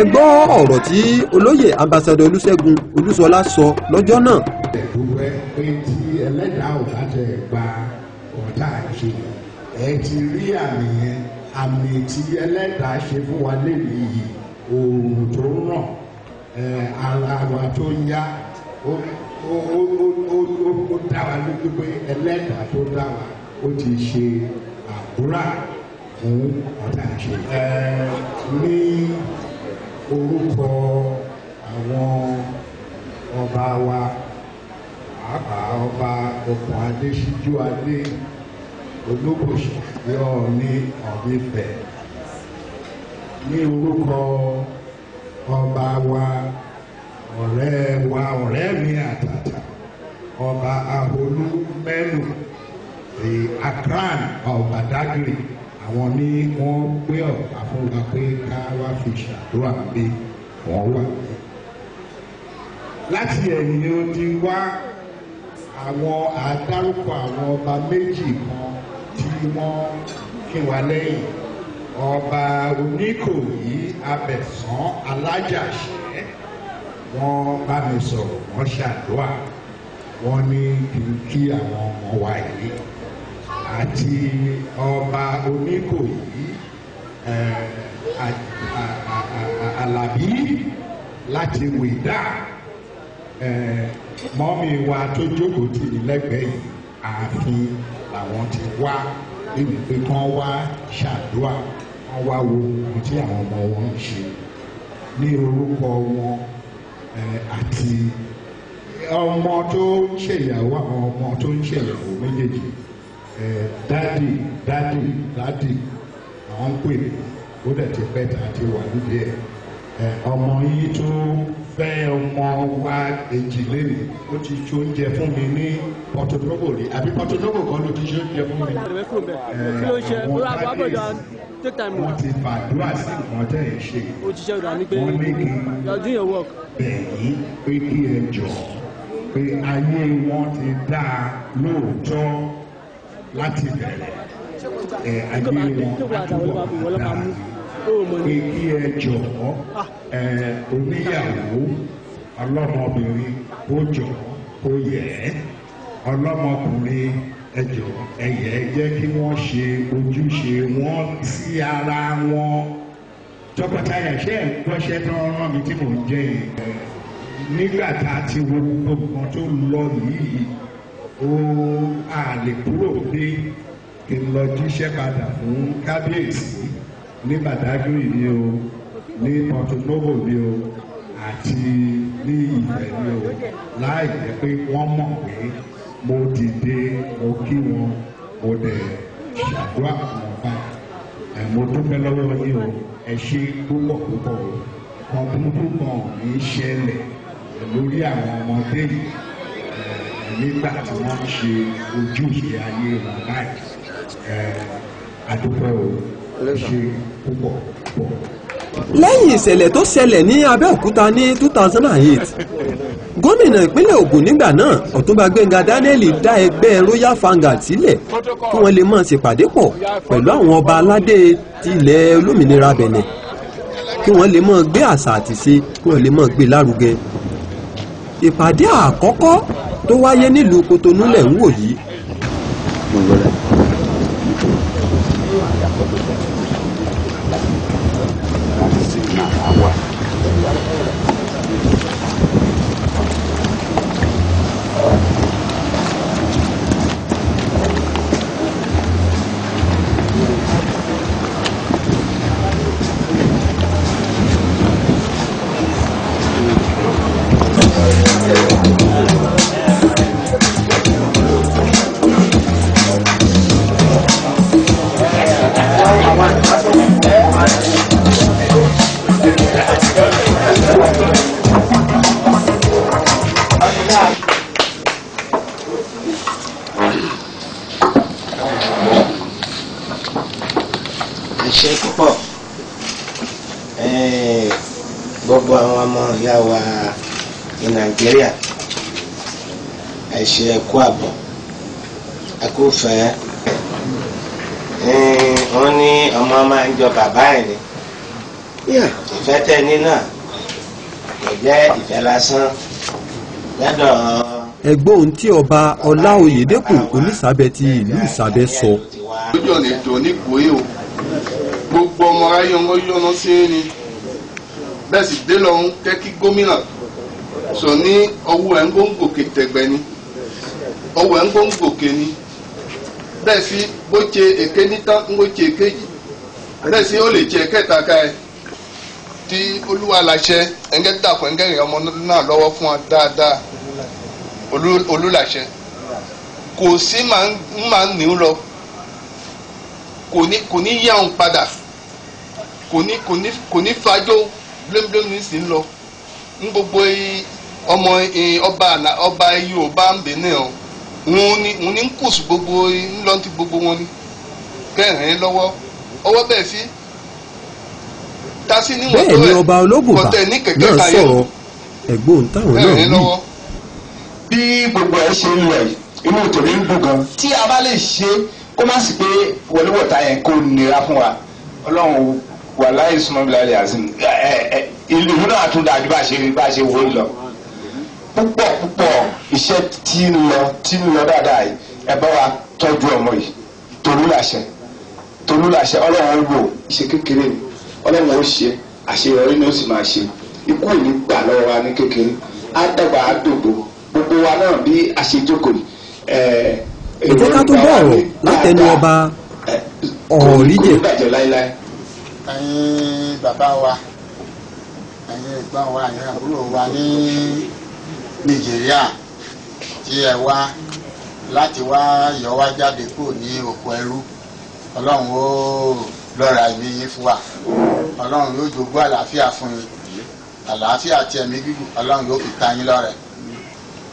ẹ gbọ́ ọ̀rọ̀ tí olóyè ambassadọ Olúṣẹ́gun Olúṣọlá sọ lọ́jọ́ náà nàìjíríà nìyẹn àmì tí ẹlẹ́dàá ṣe fún wa lèmi yìí oòrùn tó ń ràn ara wa tó ń yá ó dá wa lójú pé ẹlẹ́dàá tó dá wa ó ti ṣe àbúrà fún ọ̀tá ṣe. ní orúkọ àwọn ọba wa pàápàá ọba ọkàn adéṣíjú adé olúbùṣì bí ọ̀ọ́ni ọ̀bíbẹ̀ ní orúkọ ọba wa ọ̀rẹ́ wa ọ̀rẹ́ mi àtàtà ọba aholú mẹ́nu the akran of Badagry àwọn ní wọ́n gbé ọ̀pá fún wa pé ká wá fi ṣàdúrà pé wọ́n wà. láti ẹ̀yìn odi wá àwọn àdárúkọ àwọn ọba méjì kan tí wọ́n kí wa lẹ́yìn ọba oníkòyí abẹ̀sán alájàṣẹ́ wọ́n bá mi sọ̀rọ̀ wọ́n ṣàdúrà wọ́n ní kí àwọn ọmọ wa yìí àti ọba oníkòyí alábí láti wìdá mọ́mí wa tó jókòó tì ní lẹ́gbẹ̀ẹ́ yìí ààfin làwọn ti wá débi pé kán wá ṣàdúrà kán wá wo ohun tí àwọn ọmọ wọn ń ṣe ní orúkọ wọn àti ọmọ tó ń ṣèyàwó àwọn ọmọ tó ń ṣèyàwó méjèèjì dádì dádì dádì àwọn ń pè ó dẹ̀ ti pẹ́ tà àti wà nídìí ẹ̀ ọmọ yìí tó fẹ́ ọmọ wa èjì lérè ó ti ṣe oúnjẹ fún mi ní Porto Novo rí àbí Porto Novo kan ló ti ṣe oúnjẹ fún mi. àwọn wọ́n ti fàdúrà sí nǹkan tẹ̀ ẹ́ ṣe wọ́n ní kí bẹ̀yìn pé kí ẹ jọ pé ayé wọn ti dáa lóòótọ́ láti bẹ̀rẹ̀ ayé wọn á ti wọ̀ dáa pé ah. ẹ jọ̀wọ́ ẹ oníyàwó ọlọ́mọbìnrin ó jọ ó yẹ ọlọ́mọkùnrin ẹ jọ ẹ yẹ jẹ́ kí wọ́n ṣe ojúṣe wọn sí ara wọn tọkọtaya ṣe ń kọ́ṣẹ́ tó rán mi tí mò ń jẹ́ yìí nígbà tá a ti wo gbogbo tó lọ yìí ó a kúrò pé kí n lọ jíṣẹ́ padà fún kábíyèsí ní Badagry ni o ní Porto Novo ni o àti ní Ifẹ̀ ni o láì jẹ́ pé wọ́n mọ̀ pé mo dìde mo kí wọn mo dẹ̀ ṣàdúrà fún wọn báyìí ẹ̀ mo dúpẹ́ lọ́wọ́ yín o ẹ ṣe púpọ̀ púpọ̀ o ọdún púpọ̀ ní ṣẹlẹ̀ lórí àwọn ọmọdé yìí nígbà tí wọ́n ń ṣe ojúṣe ayé wọn báyìí adúpẹ́ o lẹ́yìn ìṣẹ̀lẹ̀ tó ṣẹlẹ̀ ní abẹ́òkúta ní two thousand and eight gómìnà ìpínlẹ̀ Ògùn nígbà náà ọ̀túnba Gbẹ́ngà Daniel dá ẹgbẹ́ Royal Vanguard sílẹ̀ kí wọ́n lè máa ṣèpàdé pọ̀ pẹ̀lú àwọn ọba aládé tilẹ̀ olómìnira Bẹ̀nẹ̀ kí wọ́n lè máa gbé àṣà àtìṣe kí wọ́n lè máa gbé lárugẹ ìpàdé àkọ́kọ́ tó wáyé nílùú Kòtónú lẹ̀ ń wò yìí. ọmọ ìyá wa ní nàìjíríà ẹ ṣe ẹkú àbọ̀ ẹkú fẹ́ wọ́n ní ọmọ máa ń jọ bàbá ẹ̀ ni ìfẹ́ tẹ̀ ní náà kò jẹ́ ìfẹ́ lásán lẹ́dọ̀ ẹ̀gbọ́n tí ọba ọlá oyèdèpọ̀ onísàbẹ̀ ti ìlú ìsàbẹ̀ sọ. lójú ọ̀nà ètò oníkòyè o gbogbo ọmọ aráyé wọn yọ́nà sí ẹni bẹ́ẹ̀ sì dé lọ́hún kẹ́kí gómìnà sọ ní ọwọ́ ẹ̀ ń góńgòkè tẹ̀gbẹ́ ni ọwọ́ ẹ̀ ń ni bẹ́ẹ̀ sì bó ṣe èké nítán ń bó ṣe bẹ́ẹ̀ sì ó lè ṣe kẹta ká ẹ tí olúwa láṣẹ ẹ̀ńgẹ́ dàpọ̀ ọmọ náà lọ́wọ́ fún dáadáa olúlàṣẹ kò sí máa ń lọ kò ní padà kò ní fàájò. blémblém ní sì ń lọ ń gbogbo ọmọ ọba ọba Yorùbá ń bè náà wọn ni wọn ni ń kùsù gbogbo ńlọ ti gbogbo wọn ni kẹrin lọ́wọ́ ọwọ́ bẹ́ẹ̀ sí tasi ní wọn tó ẹ ọba olóbùbà náà sọ̀rọ̀ ẹ̀gbọ́n táwọn bí gbogbo ẹ ṣe ń lọ yìí inú tòlí ń dùn gan tí a bá lè ṣe kó má sì pé wọléwọ̀ta yẹn kó nira fún wa Ọlọ́run wàláyé súnmọ́ bíi alẹ́ àzìm ìlú náà tún dájú bá a ṣe bá a ṣe wó lọ púpọ̀ púpọ̀ iṣẹ́ tí ń lọ tí ń lọ dáadáa yìí ẹ bá wa tọ́jú ọmọ yìí tolú làṣẹ tolú làṣẹ ọlọ́run wò ṣe kékeré ni ọlọ́run ó ṣe àṣeyọrí ni ó sì máa ṣe ikú ìní gbà lọ́wọ́ wa ní kékeré á dàgbà á dògbò gbogbo wa náà bí àṣejókòó ẹ̀ ẹ̀ ìjẹ́ká tó bọ̀ ọ̀rọ̀ látẹnu ọba ọ̀rọ̀ líjẹ̀ ẹ̀yin bàbá wa ẹ̀yin ẹ̀gbọ́n wa ẹ̀yin àbúrò wa ní Nàìjíríà tí ẹ wá láti wá yọ wá jáde kúrò ní oko ẹrú ọlọ́run ó lọ́ra ẹ̀mí yín fún wa ọlọ́run yóò jogún àlàáfíà fún yín àlàáfíà àti ẹ̀mí gígùn ọlọ́run yóò fi ta yín lọ́rẹ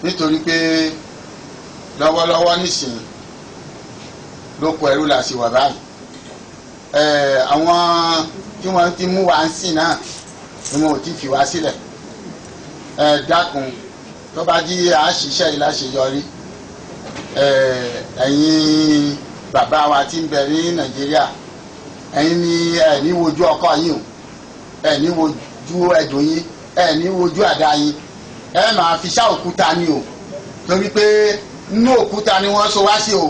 nítorí pé lọ́wọ́lọ́wọ́ nísìnyí lóko ẹrú la sì wà báyìí àwọn tí wọ́n ti mú wa ń sìn náà ni wọn ò ti fi wá sílẹ̀ ẹ dákun tó bá jí àṣìṣe yìí láṣeyọrí ẹ̀yin bàbá wa ti ń bẹ ní Nàìjíríà ẹ̀yin ni ẹ̀ wojú ọkọ yìí o ẹ̀ wojú ẹ̀dùn yìí ẹ̀ wojú àdá yìí ẹ̀ máa fi ṣá òkúta ni o torí pé inú òkúta ni wọ́n so wá sí o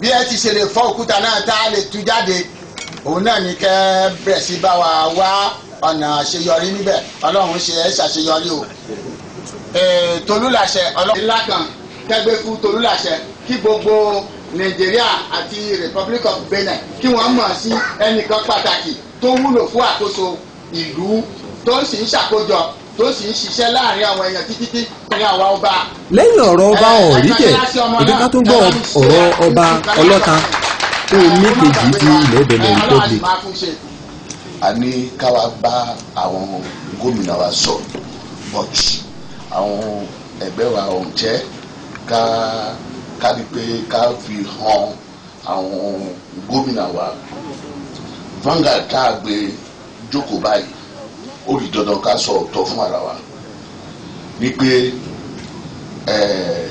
bí ẹ ti ṣe lè fọ́ òkúta náà tá a lè tú jáde òun náà ní kẹ́ bẹ̀rẹ̀ sí bá wa wá ọ̀nà àṣeyọrí níbẹ̀ ọlọ́run ṣe é ṣàṣeyọrí o. tolúlàṣẹ ọlọ́run ńlá kan kẹ́gbẹ́ fún tolúlàṣẹ kí gbogbo nàìjíríà àti republic of benin kí wọ́n mọ̀ sí ẹnìkan pàtàkì tó wúlò fún àkóso ìlú tó sì ń ṣàkójọ tó sì ń ṣiṣẹ́ láàrin àwọn èèyàn títí láàrin àwa ọba. lẹ́yìn ọ̀rọ̀ ọba ọ̀ríjẹ̀ ìdíkà tó ń gbọ́ ọ̀rọ̀ ọba ọlọ́ta tó lẹ́kejì di ilẹ̀ Benin Republic. a ní káwa bá àwọn gómìnà wa sọ but àwọn ẹgbẹ́ wa ò jẹ́ ká ká rí pé ká fi hàn àwọn gómìnà wa Vanguard tá a gbé jókòó báyìí ó di dandan ká sọ ọ̀tọ̀ fún ara wa ni pé eh,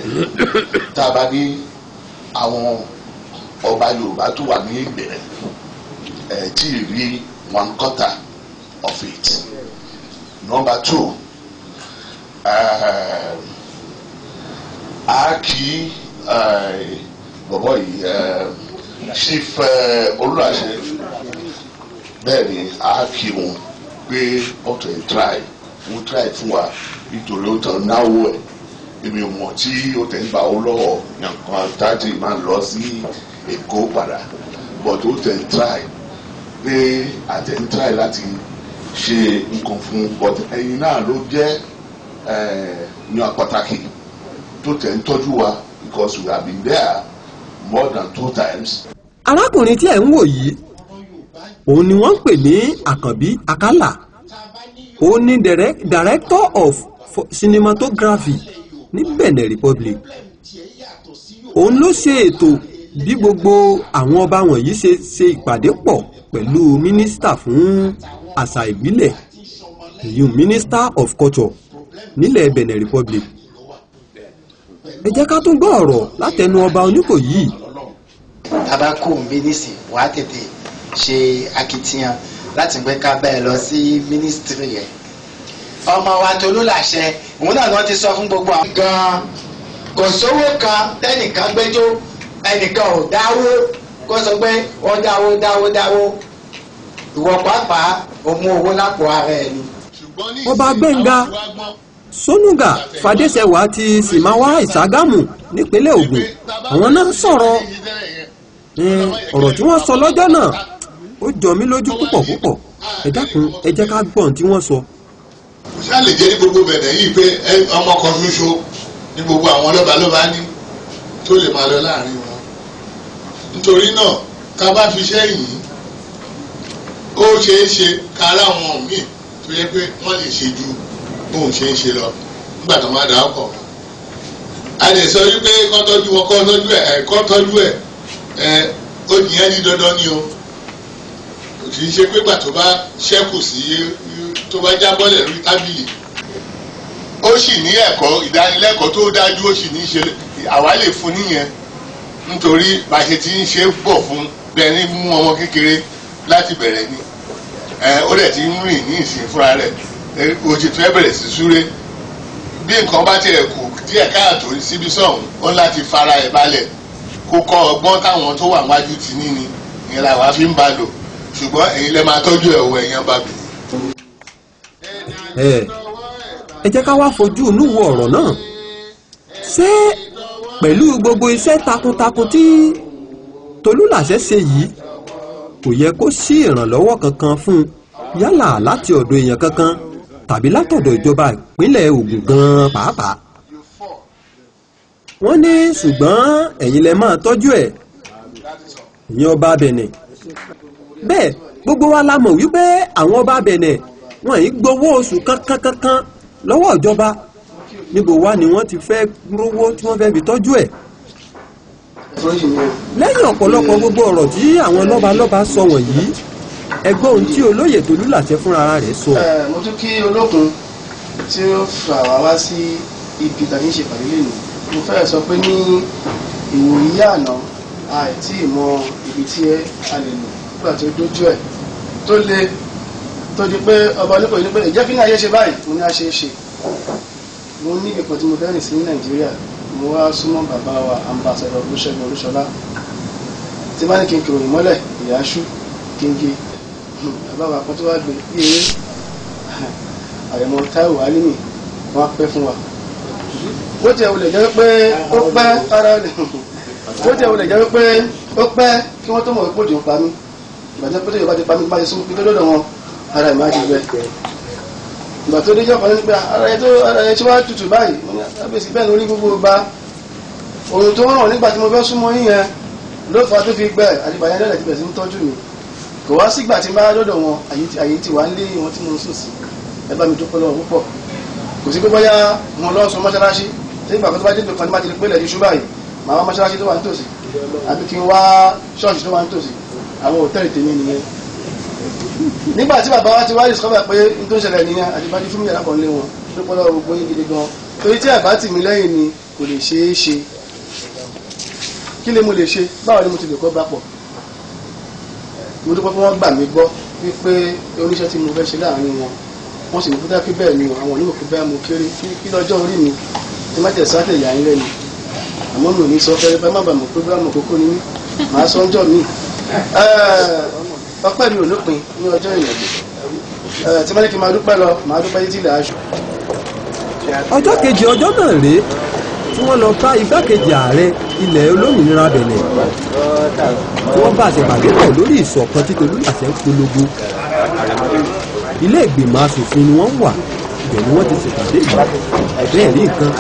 tá a bá ní àwọn ọba yorùbá tó wà ní ìbẹ̀rẹ̀ ẹ̀ tí ì rí one quarter of it number two eh, a kì í eh, bọ̀bọ̀ yìí eh, chief olùwàṣẹ bẹ́ẹ̀ ni a kì í wọn pé ọ̀tọ̀ ẹ̀ try wọ́n try fún wa nítorí ó tàn náwó ẹ̀ èmi ò mọ̀ tí ó tẹ̀ ń gbà ó lọ́wọ́ yankan tájì máa ń lọ sí. Èkó padà but ó tẹ̀ ń try pé àtẹ̀ ń try láti ṣe nǹkan fún but ẹ̀yin náà ló jẹ́ eh, yan pàtàkì tó tẹ̀ ń tọ́jú wa because we have been there more than two times. arákùnrin tí ẹ̀ ń wò yìí òun ni wọ́n ń pè ní àkànbí akálà òun ni director of cinematography ní Benin Republic òun ló ṣe ètò bí gbogbo àwọn ọba wọ̀nyí ṣe ṣe ìpàdé pọ̀ pẹ̀lú mínísítà fún àṣà ìbílẹ̀ ìyún minister of culture nílẹ̀ Benin Republic ẹ jẹ́ ká tún gbọ́ ọ̀rọ̀ látẹnu ọba Oníkòyí. bàbá kò ń bí nísì wà á tètè ṣe akitiyan láti gbé ká bẹ́ẹ̀ lọ sí mínísítírì yẹn ọmọ wa tolúlàṣẹ òun náà ni wọ́n ti sọ fún gbogbo àwọn. gan-an kò sówó kan tẹ́nìkan gbẹ́jọ́ ẹnìkan ò dáwó kó sọ pé ó dáwó dáwó dáwó ìwọ pàápàá ò mú owó lápò ara ẹ ni. ọba gbẹ̀ngà sónúgà fàdésẹwà ti sìmáwá ìsàgámù nípínlẹ̀ Ògùn àwọn náà sọ̀rọ̀ ọ̀rọ̀ tí wọ́n sọ lọ́jọ́ náà ó jọ mí lójú púpọ̀ púpọ̀ ẹ dákun ẹ jẹ́ ká gbọ́n tí wọ́n sọ. ṣá lè jẹ́ ní gbogbo bẹ̀rẹ̀ yìí pé ọmọ kan ṣoṣo ní gbogbo àwọn lọ́balọ́ba ní tó lè máa lọ láàrin wọn nítorí náà ká bá fi sẹ́yìn ó ṣeé ṣe ká láwọn míì tó yẹ pé wọ́n lè ṣe ju bóun ṣe ń ṣe lọ nígbà tó máa dà á pọ̀ a lè sọ wípé kọ́ tọ́jú wọn kọ́ tọ́jú ẹ̀ ẹ̀kọ́ tọ́jú ẹ̀ ẹ̀ ó nìyẹn ní dandan ni o kì í ṣe pé gbà tó bá ṣẹ́kù sí tó bá jábọ́lẹ̀ lórí tábìlì ó sì ní ẹ̀kọ́ ìdánilẹ́kọ̀ọ́ tó dájú ó sì ní í ṣe àwa lè fún níyẹn nítorí bá ṣe ti ń ṣe bọ̀ fún bẹni mú ọmọ kékeré láti bẹ̀rẹ̀ ni ó dẹ̀ ti ń rìn ní ìsìn fúnra rẹ̀ òjì tó ẹ bẹ̀rẹ̀ sí súré bí nǹkan bá tiẹ̀ kù díẹ̀ káàtó síbi sọ̀hún ó láti fara ẹ̀ balẹ̀ kó kọ́ ọgbọ́n táwọn tó wà wájú ti ní ni ìyẹn làwa fi ń ba lò ṣùgbọ́n èyí lè máa tọ́jú ẹ̀ wọ ẹ̀yàn bá ẹ jẹ́ ká wá fojú inú wo ọ̀rọ̀ náà ṣé pẹ̀lú gbogbo iṣẹ́ takuntakun tí Tolúlàṣẹ ṣe yìí kò yẹ kó sí ìrànlọ́wọ́ kankan fún un yálà láti ọ̀dọ̀ èèyàn kankan tàbí látọ̀dọ̀ ìjọba ìpínlẹ̀ Ògùn gan-an pàápàá. wọ́n ní ṣùgbọ́n ẹ̀yin lẹ máa tọ́jú ẹ̀ ìyẹn ọba Bẹ̀nẹ̀ bẹ́ẹ̀ gbogbo wa la mọ̀ wípé àwọn ọba Bẹ̀nẹ̀ wọ́n yìí gbowó oṣù kankan kankan lọ́wọ́ ìjọba níbo wá ni wọ́n ti fẹ́ rówó tí wọ́n fẹ́ fi tọ́jú ẹ̀ lẹ́yìn ọ̀pọ̀lọpọ̀ gbogbo ọ̀rọ̀ tí àwọn lọ́balọ́ba sọ wọ̀nyí ẹgbọ́n ohun tí olóyè tolú làṣẹ fúnra rẹ̀ sọ. mo tún kí olókun tí ó fà wá wá sí ibi tàbí ìṣèpàdé lè nù mo fẹ́ sọ pé ní ìwòyí àná àìtí ìmọ̀ ibi tí a lè lò nígbà tó dójú ẹ̀ tó le tó di pé ọba olóko yìí ni pé ìjẹ́ kí ní ayé ṣe báyìí mo ní a ṣe é ṣe mo ní ìpẹ́ tí mo fẹ́ rìn sí nàìjíríà mo wá súnmọ́ bàbá wa ambassador olúṣẹ́gun olúṣọlá tí bá ní kí n kìròyìn mọ́lẹ̀ ìyáṣú kéńgé bàbá wa kan tó wá gbé bí eré àyẹ̀mọ́ táíwò alímì wọn á pẹ́ fún wa bó tiẹ̀ wọlé jẹ́ pé ó pẹ́ ara rẹ̀ bó tiẹ̀ wọlé jẹ́ pé ó pẹ́ kí wọ́n tó mọ̀ pé òjò ń pa mí ìgbà tí wọ́n pété yorùbá ti pa mí bá ti sún pé lọ́dọ̀ wọn ara ìmáàjì ìgbà tó déjọ́ kan nígbà ara ẹ tó ara ẹ tí wàá tutù báyìí mo ní abẹ́sí ah, bẹ́ẹ̀ lórí gbogbo ọba òun tó ràn nígbà tí mo fẹ́ súnmọ́ yín yẹn ló fà tó fi gbẹ àdìbàyẹn lẹ́lẹ̀ tí bẹ̀ sí ń tọ́jú mi kò wá sígbà tí n bá dọ́dọ̀ wọn àyè tí wà ń lé wọn tí mo ń sùn sí ẹ bá mi dúpẹ́ lọ́wọ́ púpọ̀ kò sí pé bóyá mo lọ sọ mọ́ṣáláṣí tí ìgbà kan tó bá dé ìgbà kan tó bá ti rí pé ilẹ̀ iṣu báyìí màá wá mọ́ṣáláṣí tó wà nítòsí àbí kí n wá ṣọ́ọ̀ṣì tó wà nítòsí àwọn òtẹ́ẹ̀lì tèmi nìyẹn nígbà tí bàbá wa ti wáyé sọ́bà pé n tó ṣẹlẹ̀ nìyẹn àdìbàdì fún mi yàrá kan lé wọn lọ́pọ̀lọ́ gbogbo yín gidi gan torí tí àbá tì mí lẹ́yìn ni kò lè ṣeé ṣe kí ni mo lè ṣe báwo ni mo ti lè kọ́ bá pọ̀ mo dúpẹ́ pé wọ́n gbà mí gbọ́ wípé oníṣẹ́ tí mo fẹ́ ṣe láàrin wọn wọ́n sì ní kó dákí bẹ́ẹ̀ ni àwọn onímọ̀ kí bẹ́ẹ̀ mo kéré kí lọ́jọ́ orí mi tí má tẹ̀sán àtẹ̀ yà ń lẹ́nu àmọ́ mi ò ní sọ fẹ́rẹ́ fẹ́ má bàa mọ̀ pé bá mọ̀ kókó ni mí màá sọ ọjọ́ mi ọpẹ́ mi ò lópin ní ọjọ́ ìrìnàjò tí mọ́lẹ́kì máa dúpẹ́ lọ máa dúpẹ́ yìí tilẹ̀ aṣọ. ọjọ́ kejì ọjọ́ náà rèé tí wọ́n lọ ká igbákejì ààrẹ ilẹ̀ olómìnira bẹ̀nẹ̀ tí wọ́n bá àṣepàdé pọ̀ lórí ìṣọ̀kan tí Tolúlàṣẹ ń polongo ilé ìgbìmọ̀ asòfin ni wọ́n wà ibẹ̀ ni wọ́n ti ṣèpàdé ìgbà bẹ́ẹ̀ rí nǹkan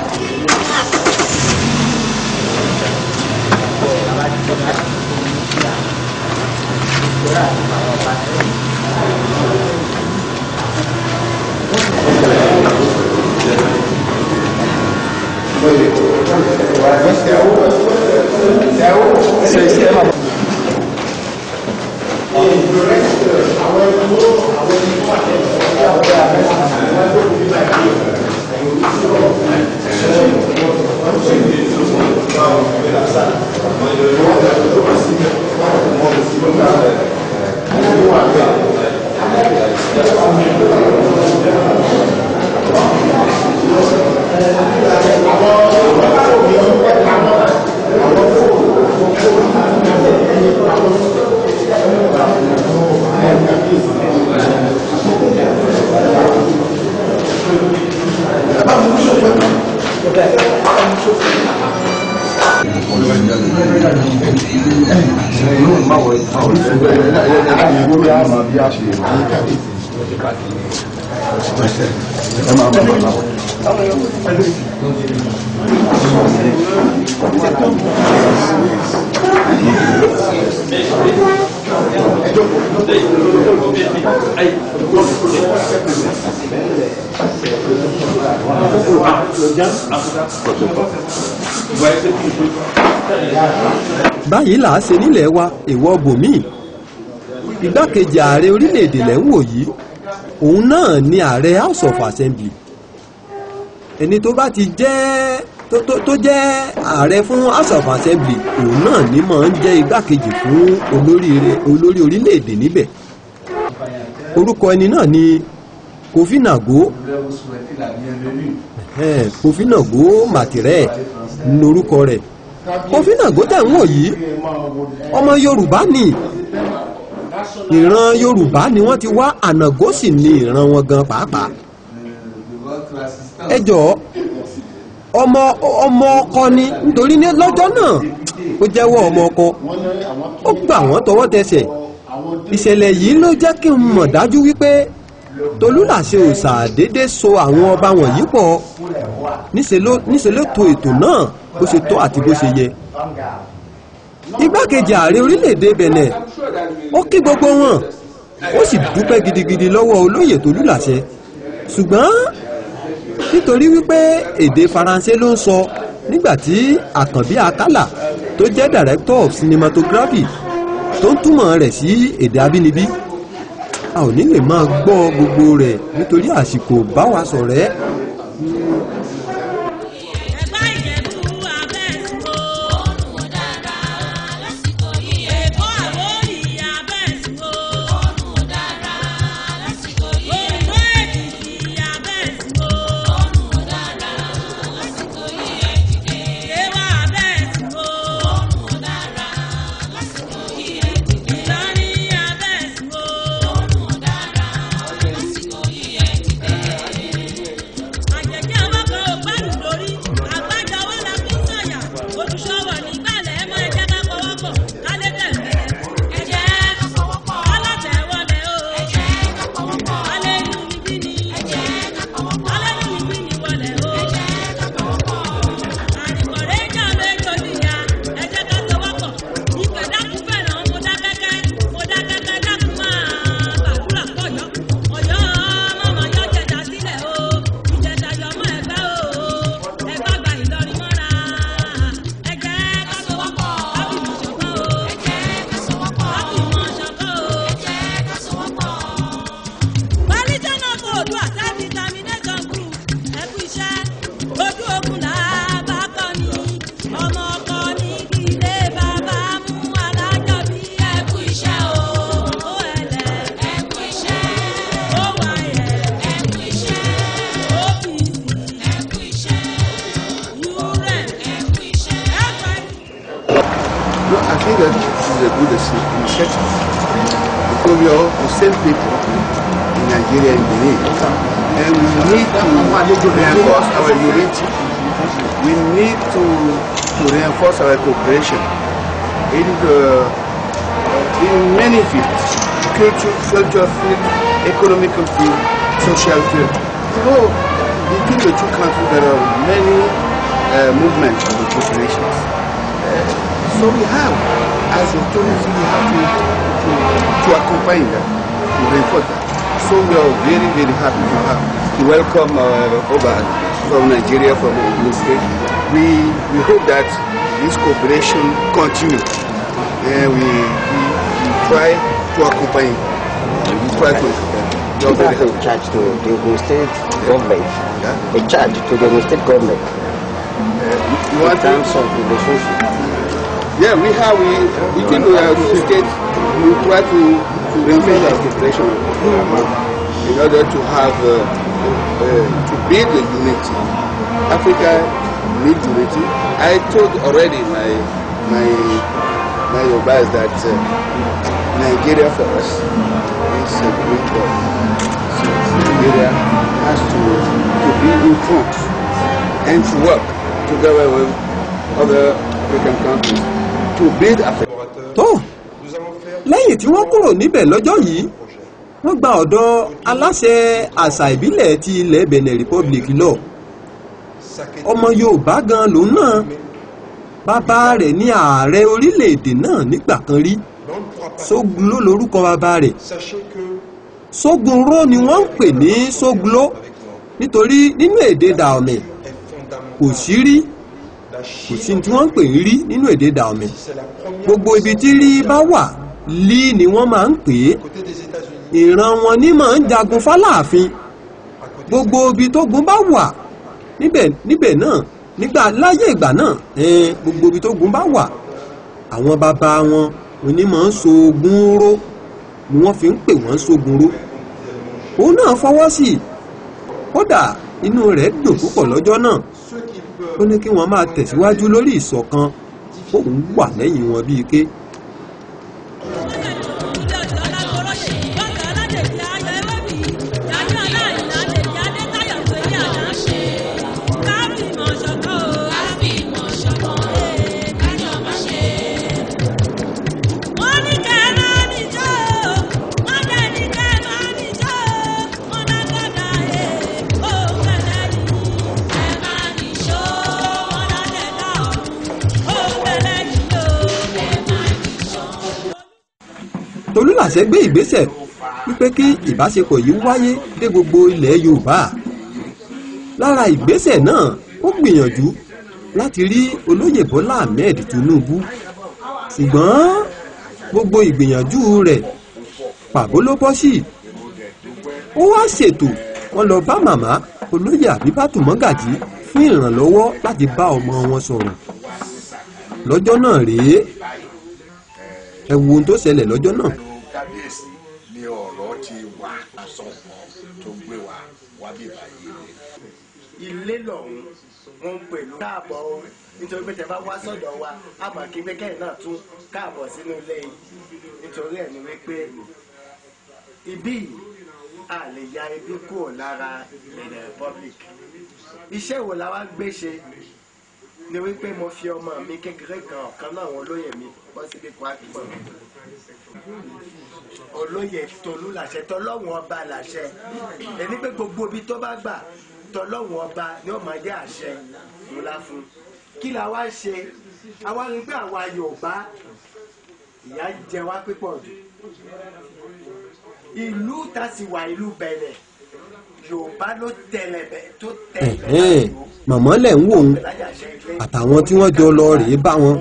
báyìí là á ṣe nílẹ̀ wa ìwọ bòmíì igbákejì ààrẹ orílẹ̀-èdè lẹ́ ń wò yìí òun náà ni ààrẹ house of assembly ẹni tó bá ti jẹ́ tó jẹ́ ààrẹ fún house of assembly òun náà ni máa ń jẹ́ igbákejì fún olórí orílẹ̀-èdè níbẹ̀. orúkọ ẹni náà ni Kofi Nago Kofi Nago Martiré lorúkọ rẹ̀ Kofi tẹ̀wọ̀n yìí ọmọ Yorùbá ni ìran Yorùbá ni wọ́n ti wá ànàgó sì ni ìran wọn gan pàápàá ẹ ọmọ ọmọ ọkọ ni nítorí ní lọ́jọ́ náà ó jẹ́wọ́ ọmọ ọkọ ó gbà wọ́n tọwọ́ tẹsẹ̀ ìṣẹ̀lẹ̀ yìí ló jẹ́ kí n mọ̀ dájú wípé tolúlàṣẹ ò ṣàdédé so àwọn ọba wọ̀nyí pọ̀ níṣẹ́ ló to ètò náà bó ṣe tọ́ àti bó ṣe yẹ igbákejì ààrẹ orílẹ̀-èdè Benin ó kí gbogbo wọn ó sì dúpẹ́ gidigidi lọ́wọ́ olóyè tolúlàṣẹ ṣùgbọ́n nítorí wípé èdè faransé ló ń sọ nígbàtí àkànbí akálà tó jẹ́ director of cinematography tó túmọ̀ rẹ̀ sí èdè abínibí a ò ní lè máa gbọ́ gbogbo rẹ̀ nítorí àsìkò báwa ṣọ̀rẹ́ cooperation in, the, uh, in many fields, culture, cultural field, economical field, social field. So between the two countries there are many uh, movements the cooperations. Uh, so we have, as a tourism, we have to, to, to accompany that, to reinforce that. So we are very, very happy to have to welcome uh, Oba from Nigeria, from the United States we, we hope that this cooperation continues. And we, we, we try to accompany. We try to accompany. a charge to the Ogun State government. Yeah? A charge to the Ogun State government. Uh, you want in terms of relationship. Yeah, we have, we, we think we are State, we try to, to reinforce our cooperation in order to have, uh, uh, to build the unity. Africa need to I told already my my my Yobas that uh, Nigeria for us is a great one. So Nigeria has to to be in front and to work together with other African countries to build Africa. tó lẹ́yìn tí wọ́n kúrò níbẹ̀ lọ́jọ́ yìí wọ́n gba ọ̀dọ̀ aláṣẹ àṣà ìbílẹ̀ ti ilẹ̀ Benin Republic lọ. No ọmọ Yorùbá gan lòun náà bàbá rẹ̀ ní ààrẹ orílẹ̀-èdè náà nígbà kan rí Sógun ló lórúkọ bàbá rẹ̀ Sógun ró ni wọ́n ń pè ní Sógun ló nítorí nínú èdè Dahomey kò sí rí kò sí tí wọ́n ń pè ní rí nínú èdè Dahomey gbogbo ibi tí rí bá wà lí ni wọ́n máa ń pè é ìran wọn ní máa ń jagun fáláàfin gbogbo ibi tógun bá wà níbẹ̀ níbẹ̀ náà nígbà láyé ìgbà náà gbogbo ibi tó gun bá wà àwọn bàbá wọn onímọ̀ ń sogun ró ni wọ́n fi ń pè wọ́n sogun ró òun náà fọwọ́ sí i kódà inú rẹ̀ dùn púpọ̀ lọ́jọ́ náà ó ní kí wọ́n máa tẹ̀síwájú lórí ìṣọ̀kan òun wà lẹ́yìn wọn bíi ké. láṣẹ gbé ìgbésẹ̀ wípé kí ìbáṣepọ̀ yìí wáyé dé gbogbo ilẹ̀ Yorùbá lára ìgbésẹ̀ náà ó gbìyànjú láti rí olóyè Bọ́lá Ahmed Tinubu ṣùgbọ́n gbogbo ìgbìyànjú rẹ̀ pàbó ló bọ́ sí ó wá ṣètò wọn lọ bá màmá olóyè Àbíbátù Mọ́gàjí fún ìrànlọ́wọ́ láti bá ọmọ wọn sọ̀rọ̀ lọ́jọ́ náà rèé ẹ wo ohun tó ṣẹlẹ̀ lọ́jọ́ náà kábíyèsí ni ọ̀rọ̀ ti wà àsọ̀kan tó gbé wa wá bí báyìí rẹ̀. ilé lọ́hún wọ́n ń pè ní káàbọ̀ o nítorí pé tẹ bá wá sọ́dọ̀ wa àmọ́ kí pẹ́kẹ́ náà tún káàbọ̀ sínú ilé yìí nítorí ẹ̀ ni wípé ibí yìí a lè ya ibi kúrò lára ilẹ̀ republic iṣẹ́ wo la wá gbé ṣe ni wípé mo fi ọmọ mi kékeré kan ọ̀kan náà àwọn olóyè mi bọ́ kwakí pọ̀ olóyè tolú làṣẹ tọlọ́hun ọba làṣẹ ẹni pé gbogbo ibi tó bá gbà tọlọ́hun ọba ni ó máa jẹ́ àṣẹ ńlá fún kí la wá ṣe àwa rí pé àwa Yorùbá ìyà jẹ wá pípọ̀ jù ìlú tá sì wà ìlú bẹ̀rẹ̀ yorùbá ló tẹlẹ bẹ tó tẹlẹ. màmá lẹ̀ ń wò ó àtàwọn tí wọ́n jọ lọ rèé bá wọn.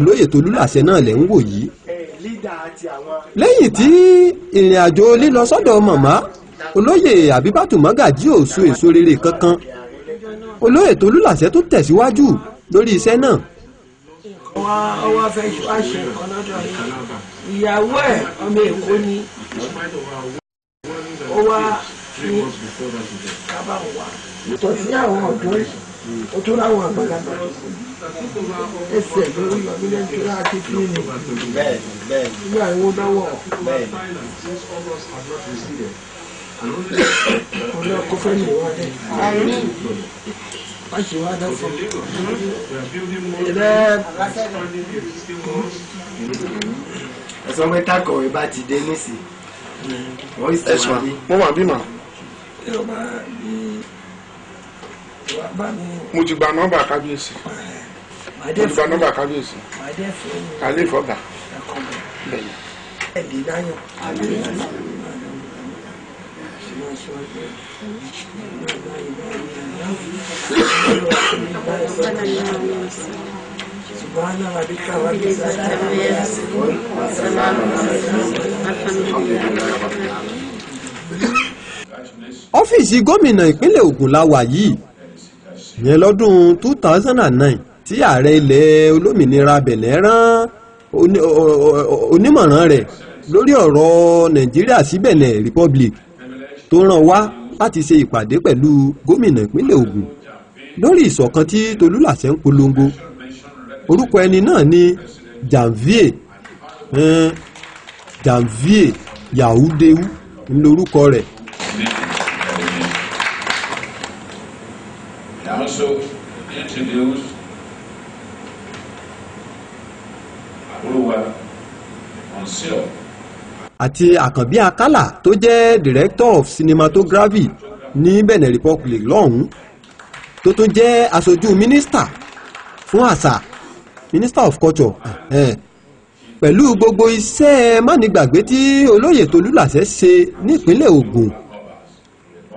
olóyè Tolúlàṣẹ náà lẹ̀ ń wò yìí lẹ́yìn tí ìrìn àjò lílọ sọ́dọ̀ màmá olóyè àbíbátù mọ́gàjí ò so èso rere kankan olóyè tolúlàṣẹ tó tẹ̀síwájú lórí iṣẹ́ náà. ọwọ́ fẹ́ ṣe nǹkan lọ́dọ̀ yìí ìyàwó ẹ̀ ọmọ èkó ni ó wá ní kábàáwá. tòsí àwọn ọ̀dọ́ ó láwọn àgbàlagbà ẹsẹ̀ lórí ọdún lẹ́jọ́ láti fi ní nígbà ìwọ dáwọ̀ ọ̀nà kọfẹ́ ní ìwádìí wọ́n ṣe wá dọ́fọ́ ẹ̀rẹ́ ẹ̀sán pé tákọ̀wé bá ti dé nísì ẹ̀sán mo wà bímọ. mo ti gba nọ́mbà kábíyèsí gba nọ́mbà kábíyèsí kàlífọ gà bẹ́ẹ̀ni. ẹ̀dì dáyọ̀ سبحان ربك رب العزة عما يصفون وسلام على المرسلين الحمد لله رب العالمين ọ́fíìsì gómìnà ìpínlẹ̀ Ògùn la wà yìí yẹn lọ́dún two thousand and nine tí ààrẹ ilẹ̀ olómìnira bẹ̀nẹ̀ rán onímọ̀ràn rẹ̀ lórí ọ̀rọ̀ nàìjíríà sí bẹ̀nẹ̀ republic tó rán wá láti ṣe ìpàdé pẹ̀lú gómìnà ìpínlẹ̀ Ògùn lórí ìṣọ̀kan tí Tolúlàṣẹ ń polongo orúkọ ẹni náà ni Janvier eh, Janvier Yahudewu ńlorúkọ rẹ̀ àti àkànbí akálà tó jẹ́ director of cinematography ní benin republic lọ́hùn-ún tó tún jẹ́ aṣojú mínísítà fún àṣà minister of culture pẹ̀lú gbogbo iṣẹ́ mánigbàgbé tí olóyè tolúlàṣẹ ṣe nípínlẹ̀ Ògùn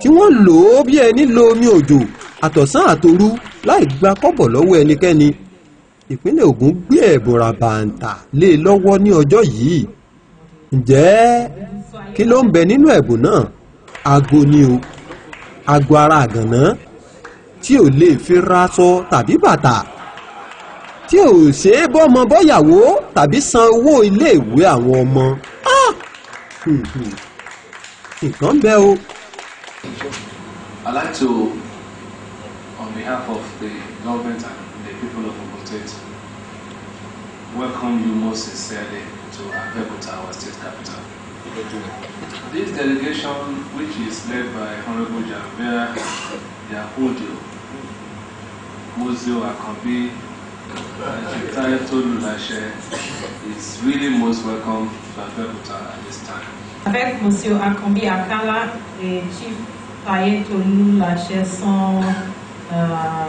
tí wọ́n lò ó bí ẹni lo omi òjò àtọ̀sán àtòru láì gba kọ́bọ̀ lọ́wọ́ ẹnikẹ́ni ìpínlẹ̀ Ògùn gbé ẹ̀bùn ràbàǹtà lé e lọ́wọ́ ní ọjọ́ yìí ǹjẹ́ kí ló ń bẹ nínú ẹ̀bùn náà àgbo ni o àgbo ara àgànná tí ò lè fi raṣọ tàbí bàtà tí ò ṣe é bọ́mọ bọ́yàwó tàbí san owó iléèwé àwọn ọmọ ah! hmm, hmm. nǹkan bẹ o. I'd like to, on behalf of the government and the people welcome you most sincerely to Abeokuta, our state capital. This delegation, which is led by Honorable Javea Yahodio, Muzio Akambi, and Chitai is really most welcome to Abeokuta at this time. Avec Monsieur Akambi Akala et Chief Taye Tolulashe Euh,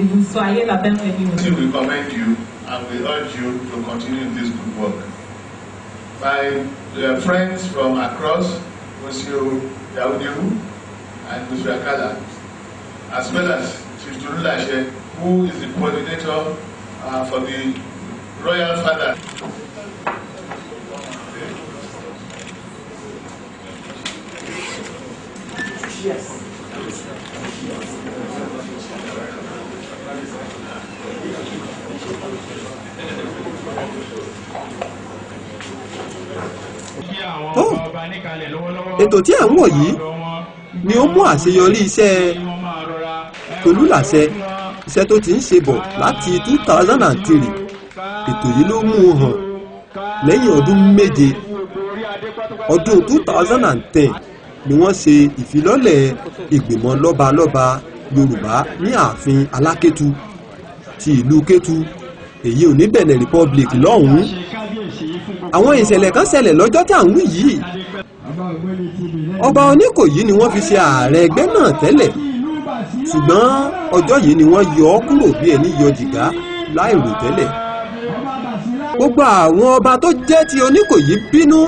ìbùsọ ayé làbẹ́ mọ̀ ẹ̀mí we commend you and we urge you to continue this good work. My uh, friends from across Monsieur Yahudihu and Monsieur Akala as well as Chief Turulashe who is the coordinator uh, for the Royal Father. Yes. yes. tó oh! ètò tí à ń wò yìí ni ó mú àṣeyọrí iṣẹ́ tolúlàṣẹ iṣẹ́ tó ti ń ṣe bọ̀ láti two thousand and three ètò yìí ló mú un hàn lẹ́yìn ọdún méje ọdún two thousand and ten ni wọ́n ṣe ìfilọ́lẹ̀ ìgbìmọ̀ lọ́balọ́ba Yorùbá ní ààfin Alákétu ti ìlú Kétu èyí ò ní Benin Republic lọ́hùn-ún àwọn ìṣẹ̀lẹ̀ kan ṣẹlẹ̀ lọ́jọ́ tá à ń wí yìí ọba Oníkòyí ni wọ́n fi ṣe ààrẹ ẹgbẹ́ náà tẹ́lẹ̀ ṣùgbọ́n ọjọ́ yìí ni wọ́n yọ ọ́ kúrò bí ẹni yọ jìgá láìrò tẹ́lẹ̀ gbogbo àwọn ọba tó jẹ́ ti Oníkòyí bínú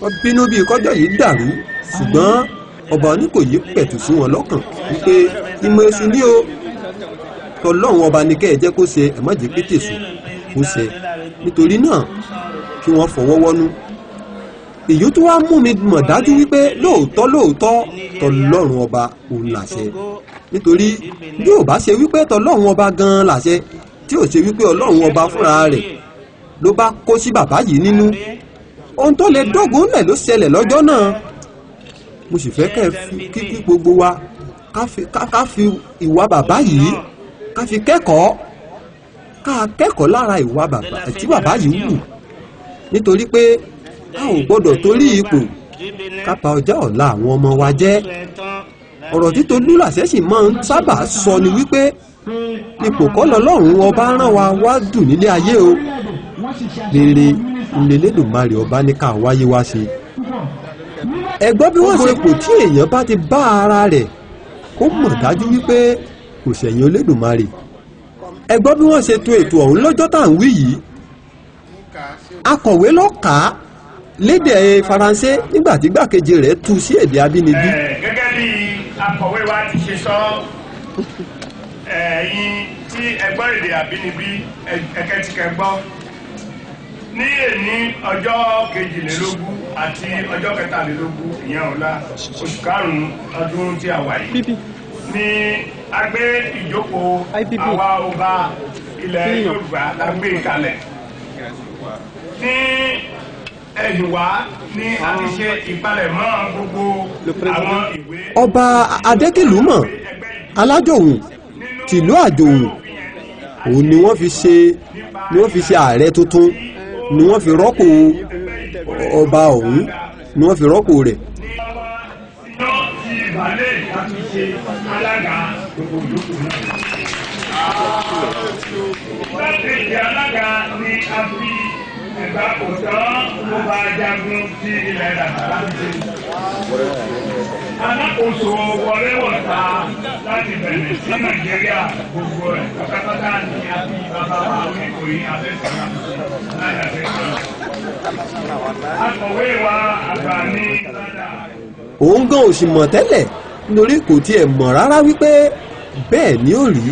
wọ́n bínú bí kọjọ́ yìí dàrú ṣùgbọ́n ọba Oníkòyí pẹ̀tù sí wọn lọ́kàn wípé ìmọ̀ èṣù ni o tọ́lọ́run ọba ni kẹ́ẹ̀jẹ́ kó ṣe ẹ̀mọ́jì pété sùn kó ṣe nítorí náà kí wọ́n fọwọ́ wọ́nú. èyí tó wá mú mi mọ̀ dájú wípé lóòótọ́ lóòótọ́ tọ́lọ́run ọba òun làṣẹ nítorí bí ò bá ṣe wípé tọ́lọ́run ọba gan-an làṣẹ tí ò ṣe wípé ọlọ́run ọba fúnra rẹ̀ ló bá kó sí bàbá yìí nínú ohun tó lè dógún lẹ̀ ló ṣẹlẹ̀ lọ́jọ́ náà mo sì fẹ́ kẹ́ kíkí gbogbo wa ká fi ìwà bàbá yìí ká fi kẹ́kọ̀ọ́ ká kẹ́kọ̀ọ́ lára ìwà bàbá tí bàbá yìí wù nítorí pé a ò gbọ́dọ̀ torí ipò kápá ọjà ọ̀la àwọn ọmọ wa jẹ́ ọ̀rọ̀ tí Tolú Làṣẹ́ṣì máa ń sábà sọ ni wípé ipò kọ́ lọ́lọ́run ọba rán wa wá dùn nílé ayé o rere ńlẹ́lẹ́dùnmarè ọba ní ká wáyé wá ṣe ẹ bí wọ́n ṣe pò tí èèyàn bá ti bá ara rẹ̀ kó mọ̀ dájú wípé kò sẹ̀yìn Olódùmarè ẹ gbọ́ bí wọ́n ṣe tò ètò ọ̀hún lọ́jọ́ tá à ń wí yìí akọ̀wé ló kà á lédè Faransé nígbà tí gbàkejì rẹ̀ tú sí èdè abínibí. gẹ́gẹ́ bí akọ̀wé wa ti ṣe sọ ẹ̀yin tí ẹ èdè abínibí ẹ̀kẹ́tìkẹ́ gbọ́ ní èní ọjọ́ kejìlélógún àti ọjọ́ kẹtàlélógún ìyẹn ọ̀la oṣù karùn-ún ọdún tí a wà yìí ni a gbé ìjókòó àwa ọba ilẹ̀ Yorùbá la gbé kalẹ̀ ní ẹ̀yìn wá ní a ti ṣe ìpalẹ̀mọ́ gbogbo àwọn ìwé. ọba adékèlúmọ̀ alájòwò tìlú àjòwò òun ni wọ́n fi ṣe ni wọ́n fi ṣe ààrẹ tuntun ni wọ́n fi rọ́pò ọba ọ̀hún ni wọ́n fi rọ́pò rẹ̀ ṣe alága gbogbo ìyókù náà. Igbákejì alága ni a fi ẹ̀bá kò tán ló bá jagun sí ilẹ̀ Nàìjíríà ṣe. Alákòóso wọléwọ̀ta láti bẹ̀rẹ̀ sí Nàìjíríà gbogbo ẹ̀ pátápátá ni a fi bàbá wa Oníkòyí Abẹ́sàrà láyé Abẹ́sàrà. Akọ̀wé wa àgbà ní Òun gan òṣì mọ̀ tẹ́lẹ̀ nítorí kò tiẹ̀ mọ̀ rárá wípé bẹ́ẹ̀ ni ó rí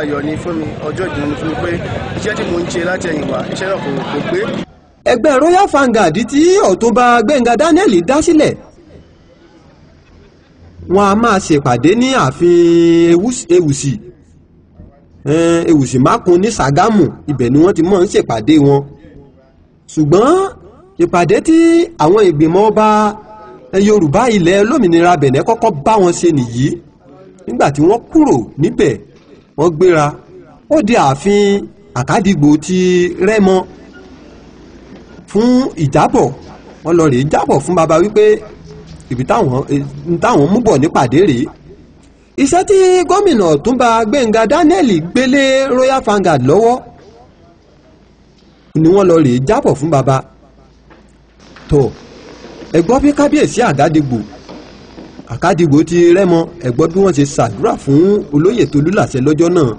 ayọ̀ ni fún mi ọjọ́ ìdùnnú ni fún mi pé iṣẹ́ tí mò ń ṣe láti ẹ̀yìn wá iṣẹ́ náà kò pé. ẹgbẹ́ royal vanguard tí ọ̀túnba gbẹ̀ngà daniel dá sílẹ̀ wọn a máa ṣèpàdé ní ààfin ewùsì ewùsì mákun ní sàgámù ibẹ̀ ni wọ́n ti mọ̀ ń ṣèpàdé wọn ṣùgbọ́n ìpàdé tí àwọn ìgbìmọ̀ ọba yorùbá ilẹ̀ olómìnira bẹ̀nẹ́ kọ́kọ́ bá wọn ṣe nìyí nígbà tí wọ́n kúrò níbẹ̀ wọ́n gbéra ó dé ààfin àkádìgbò ti rẹ́mọ fún ìjábọ̀ wọ́n lọ rèé jábọ̀ fún baba wípé ibi táwọn mú bọ̀ nípàdé rèé iṣẹ́ tí gómìnà Ọ̀túnba Gbẹ̀ngà Daniel gbélé Royal Vanguard lọ́wọ́ ni wọ́n lọ rèé jábọ̀ fún baba tó ẹ gbọ́ bí kábíyèsí àgádìgbò àkádìgbò ti rẹ́mọ ẹ̀gbọ́n bí wọ́n ṣe ṣàdúrà fún olóyè tolú làṣẹ lọ́jọ́ náà